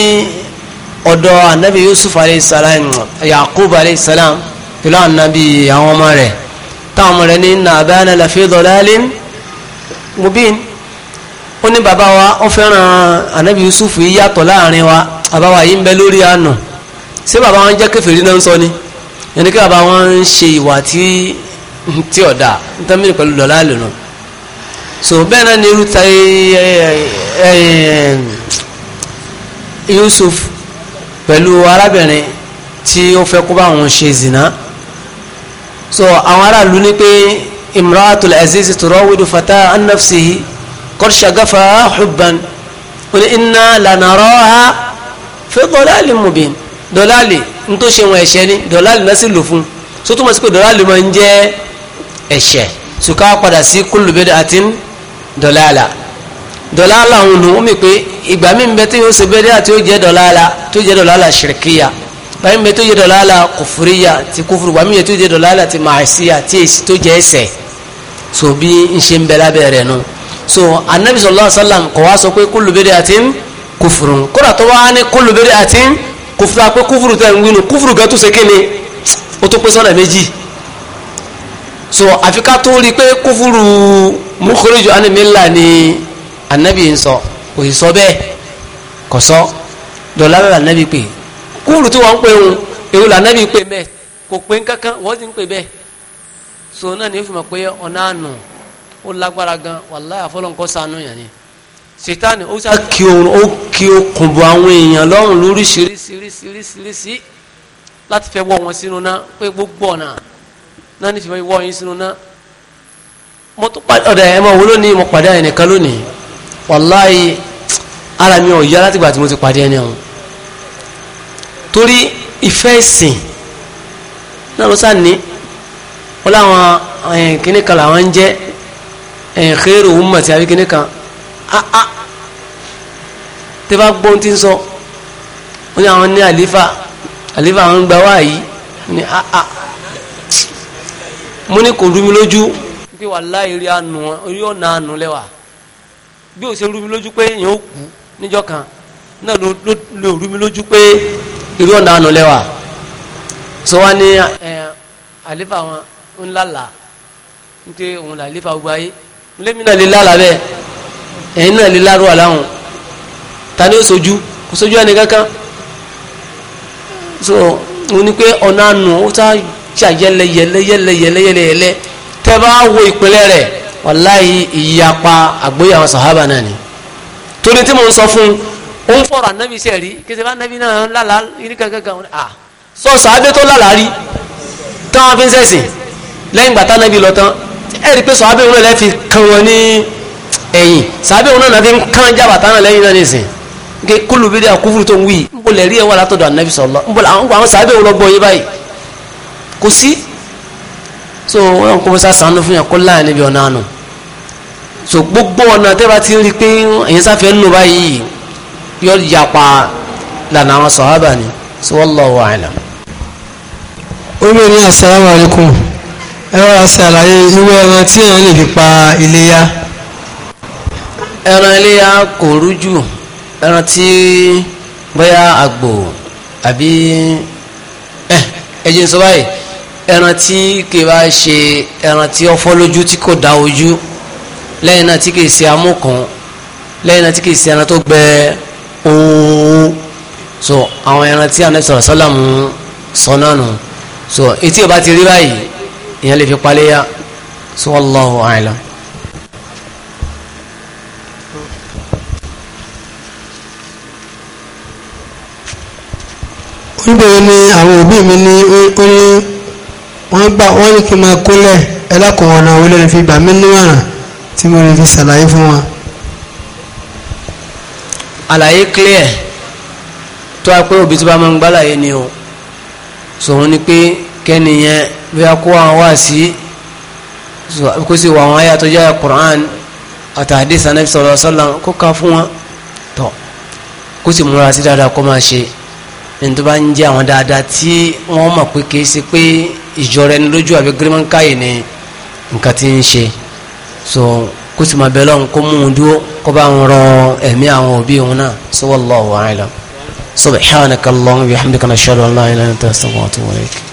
ọ̀dọ̀ anabi yusuf alayhi salam yaqub alayhi anabi àwọn ọmọ rẹ̀ táwọn ọmọ rẹ̀ ní nàbẹ́ ànàlàfẹ́ dọ̀lá alim mubin ó ní bàbá wa ó fẹ́ràn anabi yusuf yìí yàtọ̀ láàrin wa bàbá wa yìí ń bẹ lórí àánú ṣé bàbá wọn jẹ́ kèfèrí náà ń sọ ni ẹni kí bàbá wọn ń ṣe ìwà tí tí ọ̀dà ń tẹ́ mìíràn pẹ̀lú lọ́la lónà so bẹ́ẹ̀ náà ni irú yusuf pẹ̀lú arábìnrin tí ó fẹ́ kó bá wọn ṣe zina so àwọn aráàlú ní pé imra'atul aziz turawidu fata an nafsihi qad shagafaha hubban wọ́n ní inna lanaraha fi dalalin mubin dọ̀láàlì ní tó ṣe wọn ẹ̀ṣẹ̀ ni dọ̀láàlì náà sì lò fún so túmọ̀ sí pé dọ̀láàlì máa ń jẹ́ ẹ̀ṣẹ̀ sùkà padà sí kullu bid'atin dọ̀láàlà dọ̀láàlà òun nù ó mi pé ìgbà mi bẹ tó yóò ṣe bẹ́ẹ̀ àti ó jẹ́ dọ̀láàlà tó jẹ́ dọ̀láàlà ṣìrìkìyà báyìí mi bẹ tó jẹ́ dọ̀láàlà kùfùríyà ti kùfùrù báyìí mi bẹ tó jẹ́ dọ̀láàlà ti màásíyà tí èsì tó jẹ́ ẹ̀ṣẹ̀ so bí n ṣe ń bẹ lábẹ́ rẹ̀ nù. No so anabi sallallahu alaihi wasallam kò wá sọ pé kullu bid'atin kufrun kódà tó wá ní kullu bid'atin kufrun pé kúfùrù tẹ̀ ń wínú kúfùrù gan ṣe kéne ó tó pé sọ́nà méjì so àfi ká tó rí i pé kúfùrù mukhriju anil milla ni anabi ń sọ kò ì sọ bẹ́ẹ̀ kò sọ dọ̀là bẹ́ẹ̀ anabi pè kúfùrù tí wọ́n ń pè ń èwo là anabi pè mẹ́ kò pé ń kankan wọ́n ti ń pè bẹ́ẹ̀ so náà ni ó fi mọ̀ pé ọ̀nà àná ó lágbára gan wàláyà fọlọ́nkọ́ sanu yẹn ni sitani ó sá kí o ó kí o kùn bọ àwọn èèyàn lọ́rùn lóríṣiríṣiríṣiríṣi láti fẹ́ wọ́ wọn sínú náà pé gbogbo ọ̀nà náà ní fi wọ́ yín sínú náà mo tún padà ọ̀dà ẹ̀ mọ̀ wọ́n lónìí mo padà ẹ̀ nìkan lónìí wàláyé ara mi ò yá látìgbà tí mo ti pàdé ẹni ọ̀hún torí ìfẹ́ ìsìn náà ló sá ní wọ́n láwọn eh, kìnnìkan làwọn ń jẹ́ ẹ̀yìn xeeru ummati àbí kíní kan ah ah tí bá gbọ́n ti ń sọ wọ́n ní àwọn ní àlífà àlífà àwọn ń gba wáyé ní ah ah mo ní kò rú mi lójú pé wàláhì rí àánú orí ọ̀nà àánú lẹ́wà bí o ṣe rú mi lójú pé èèyàn ó kú níjọ́ kan náà ló ló rú mi lójú pé irú ọ̀nà àánú lẹ́wà sọ wá ní àlífà wọn ńlá là ń pé òun là àlífà gbogbo ayé lèmi náà lè lálàá bẹ́ẹ̀ ẹ̀yin náà lè lárò àláhùn ta ni ó sojú kò sojú ẹni kankan so mo ní pé ọ̀nà àánú ó tá jà yẹlẹ yẹlẹ yẹlẹ yẹlẹ yẹlẹ yẹlẹ tẹ́ bá wo ìpínlẹ̀ rẹ̀ wàláyé ìyapa àgbóyè àwọn sàhábà náà ni torí tí mo ń sọ fún un ń fọ̀rọ̀ ànábì sẹ́ẹ̀ rí kí bá ànábì náà lálàá yìí kankan ah sọ sàábé tó lálàá rí táwọn fi ń sẹ̀sìn lẹ́yìn gbàtà ànábì lọ tán ẹ̀rí pé sọ̀hábẹ́ òun náà lẹ́ fi kan wọn ní ẹ̀yìn sọ̀hábẹ́ òun náà fi kan jábàtà náà lẹ́yìn náà nìsín nke kúlù bí díà kúfúrú tó ń wí nbọ lẹ́rí ẹ̀ wà látọ̀dọ̀ ànábì sọ̀lọ́ nbọ àwọn sọ̀hábẹ́ òun lọ gbọ́ yé báyìí kò sí so wọn kò sá sànú fún yàn kó láàyè níbi ọ̀nà àná so gbogbo ọ̀nà tẹ́ bá ti rí pé èyàn sáfẹ́ nù báyìí yọ yapa lànà àwọn sọ̀hábà ni so wallahu a'lam. omi ni asalaamualeykum ẹ wá ṣàlàyé irú ẹran tí èèyàn lè fi pa iléyá. ẹran iléyá kò rújù ẹran tí bóyá àgbò àbí eh, ẹ ẹjẹ sọ báyìí ẹran tí kì í bá ṣe ẹran tí ó fọ́ lójú tí kò dá ojú lẹ́yìn náà tí kì í ṣe amúkan lẹ́yìn náà tí kì í ṣe ẹran tó gbẹ ooo so àwọn ẹran tí anabi sọ̀rọ̀ sọ́làmù sọ náà nù so etí ò bá ti rí báyìí ìyẹn lè fi paléyà sí wallahu a'lam. níbẹ̀ ni àwọn òbí mi ní ó ní wọ́n gbà wọ́n ní kí n máa kólẹ̀ ẹlẹ́kùnrin ọ̀nà orí lẹ́nu fi gbà mí nímọ̀ràn tí mo lè fi ṣàlàyé fún wọn. àlàyé clear tó a pé òbí tó bá máa ń gbàlàyé ni o sòun ni pé kẹ́niyẹn bí a kó àwọn wá sí kó sì wà àwọn ayé àtọ́jú Qur'an àti hadith anabi sallallahu alaihi wasallam kó ka fún wọn tọ kó sì múra sí dáadáa kó máa ṣe ní tó bá ń jẹ àwọn dáadáa tí wọ́n mọ̀ pé kìí ṣe pé ìjọ rẹ ní lójú àbí gírímọ̀nkáyè ni nǹkan ti ń ṣe so kó sì máa bẹ lọ́run kó mú un dúró kó bá ń rọ ẹ̀mí àwọn òbí òun náà so wallahu a'lam subhanakallahumma wa bihamdika nashhadu an la ilaha illa anta astaghfiruka wa atubu ilayk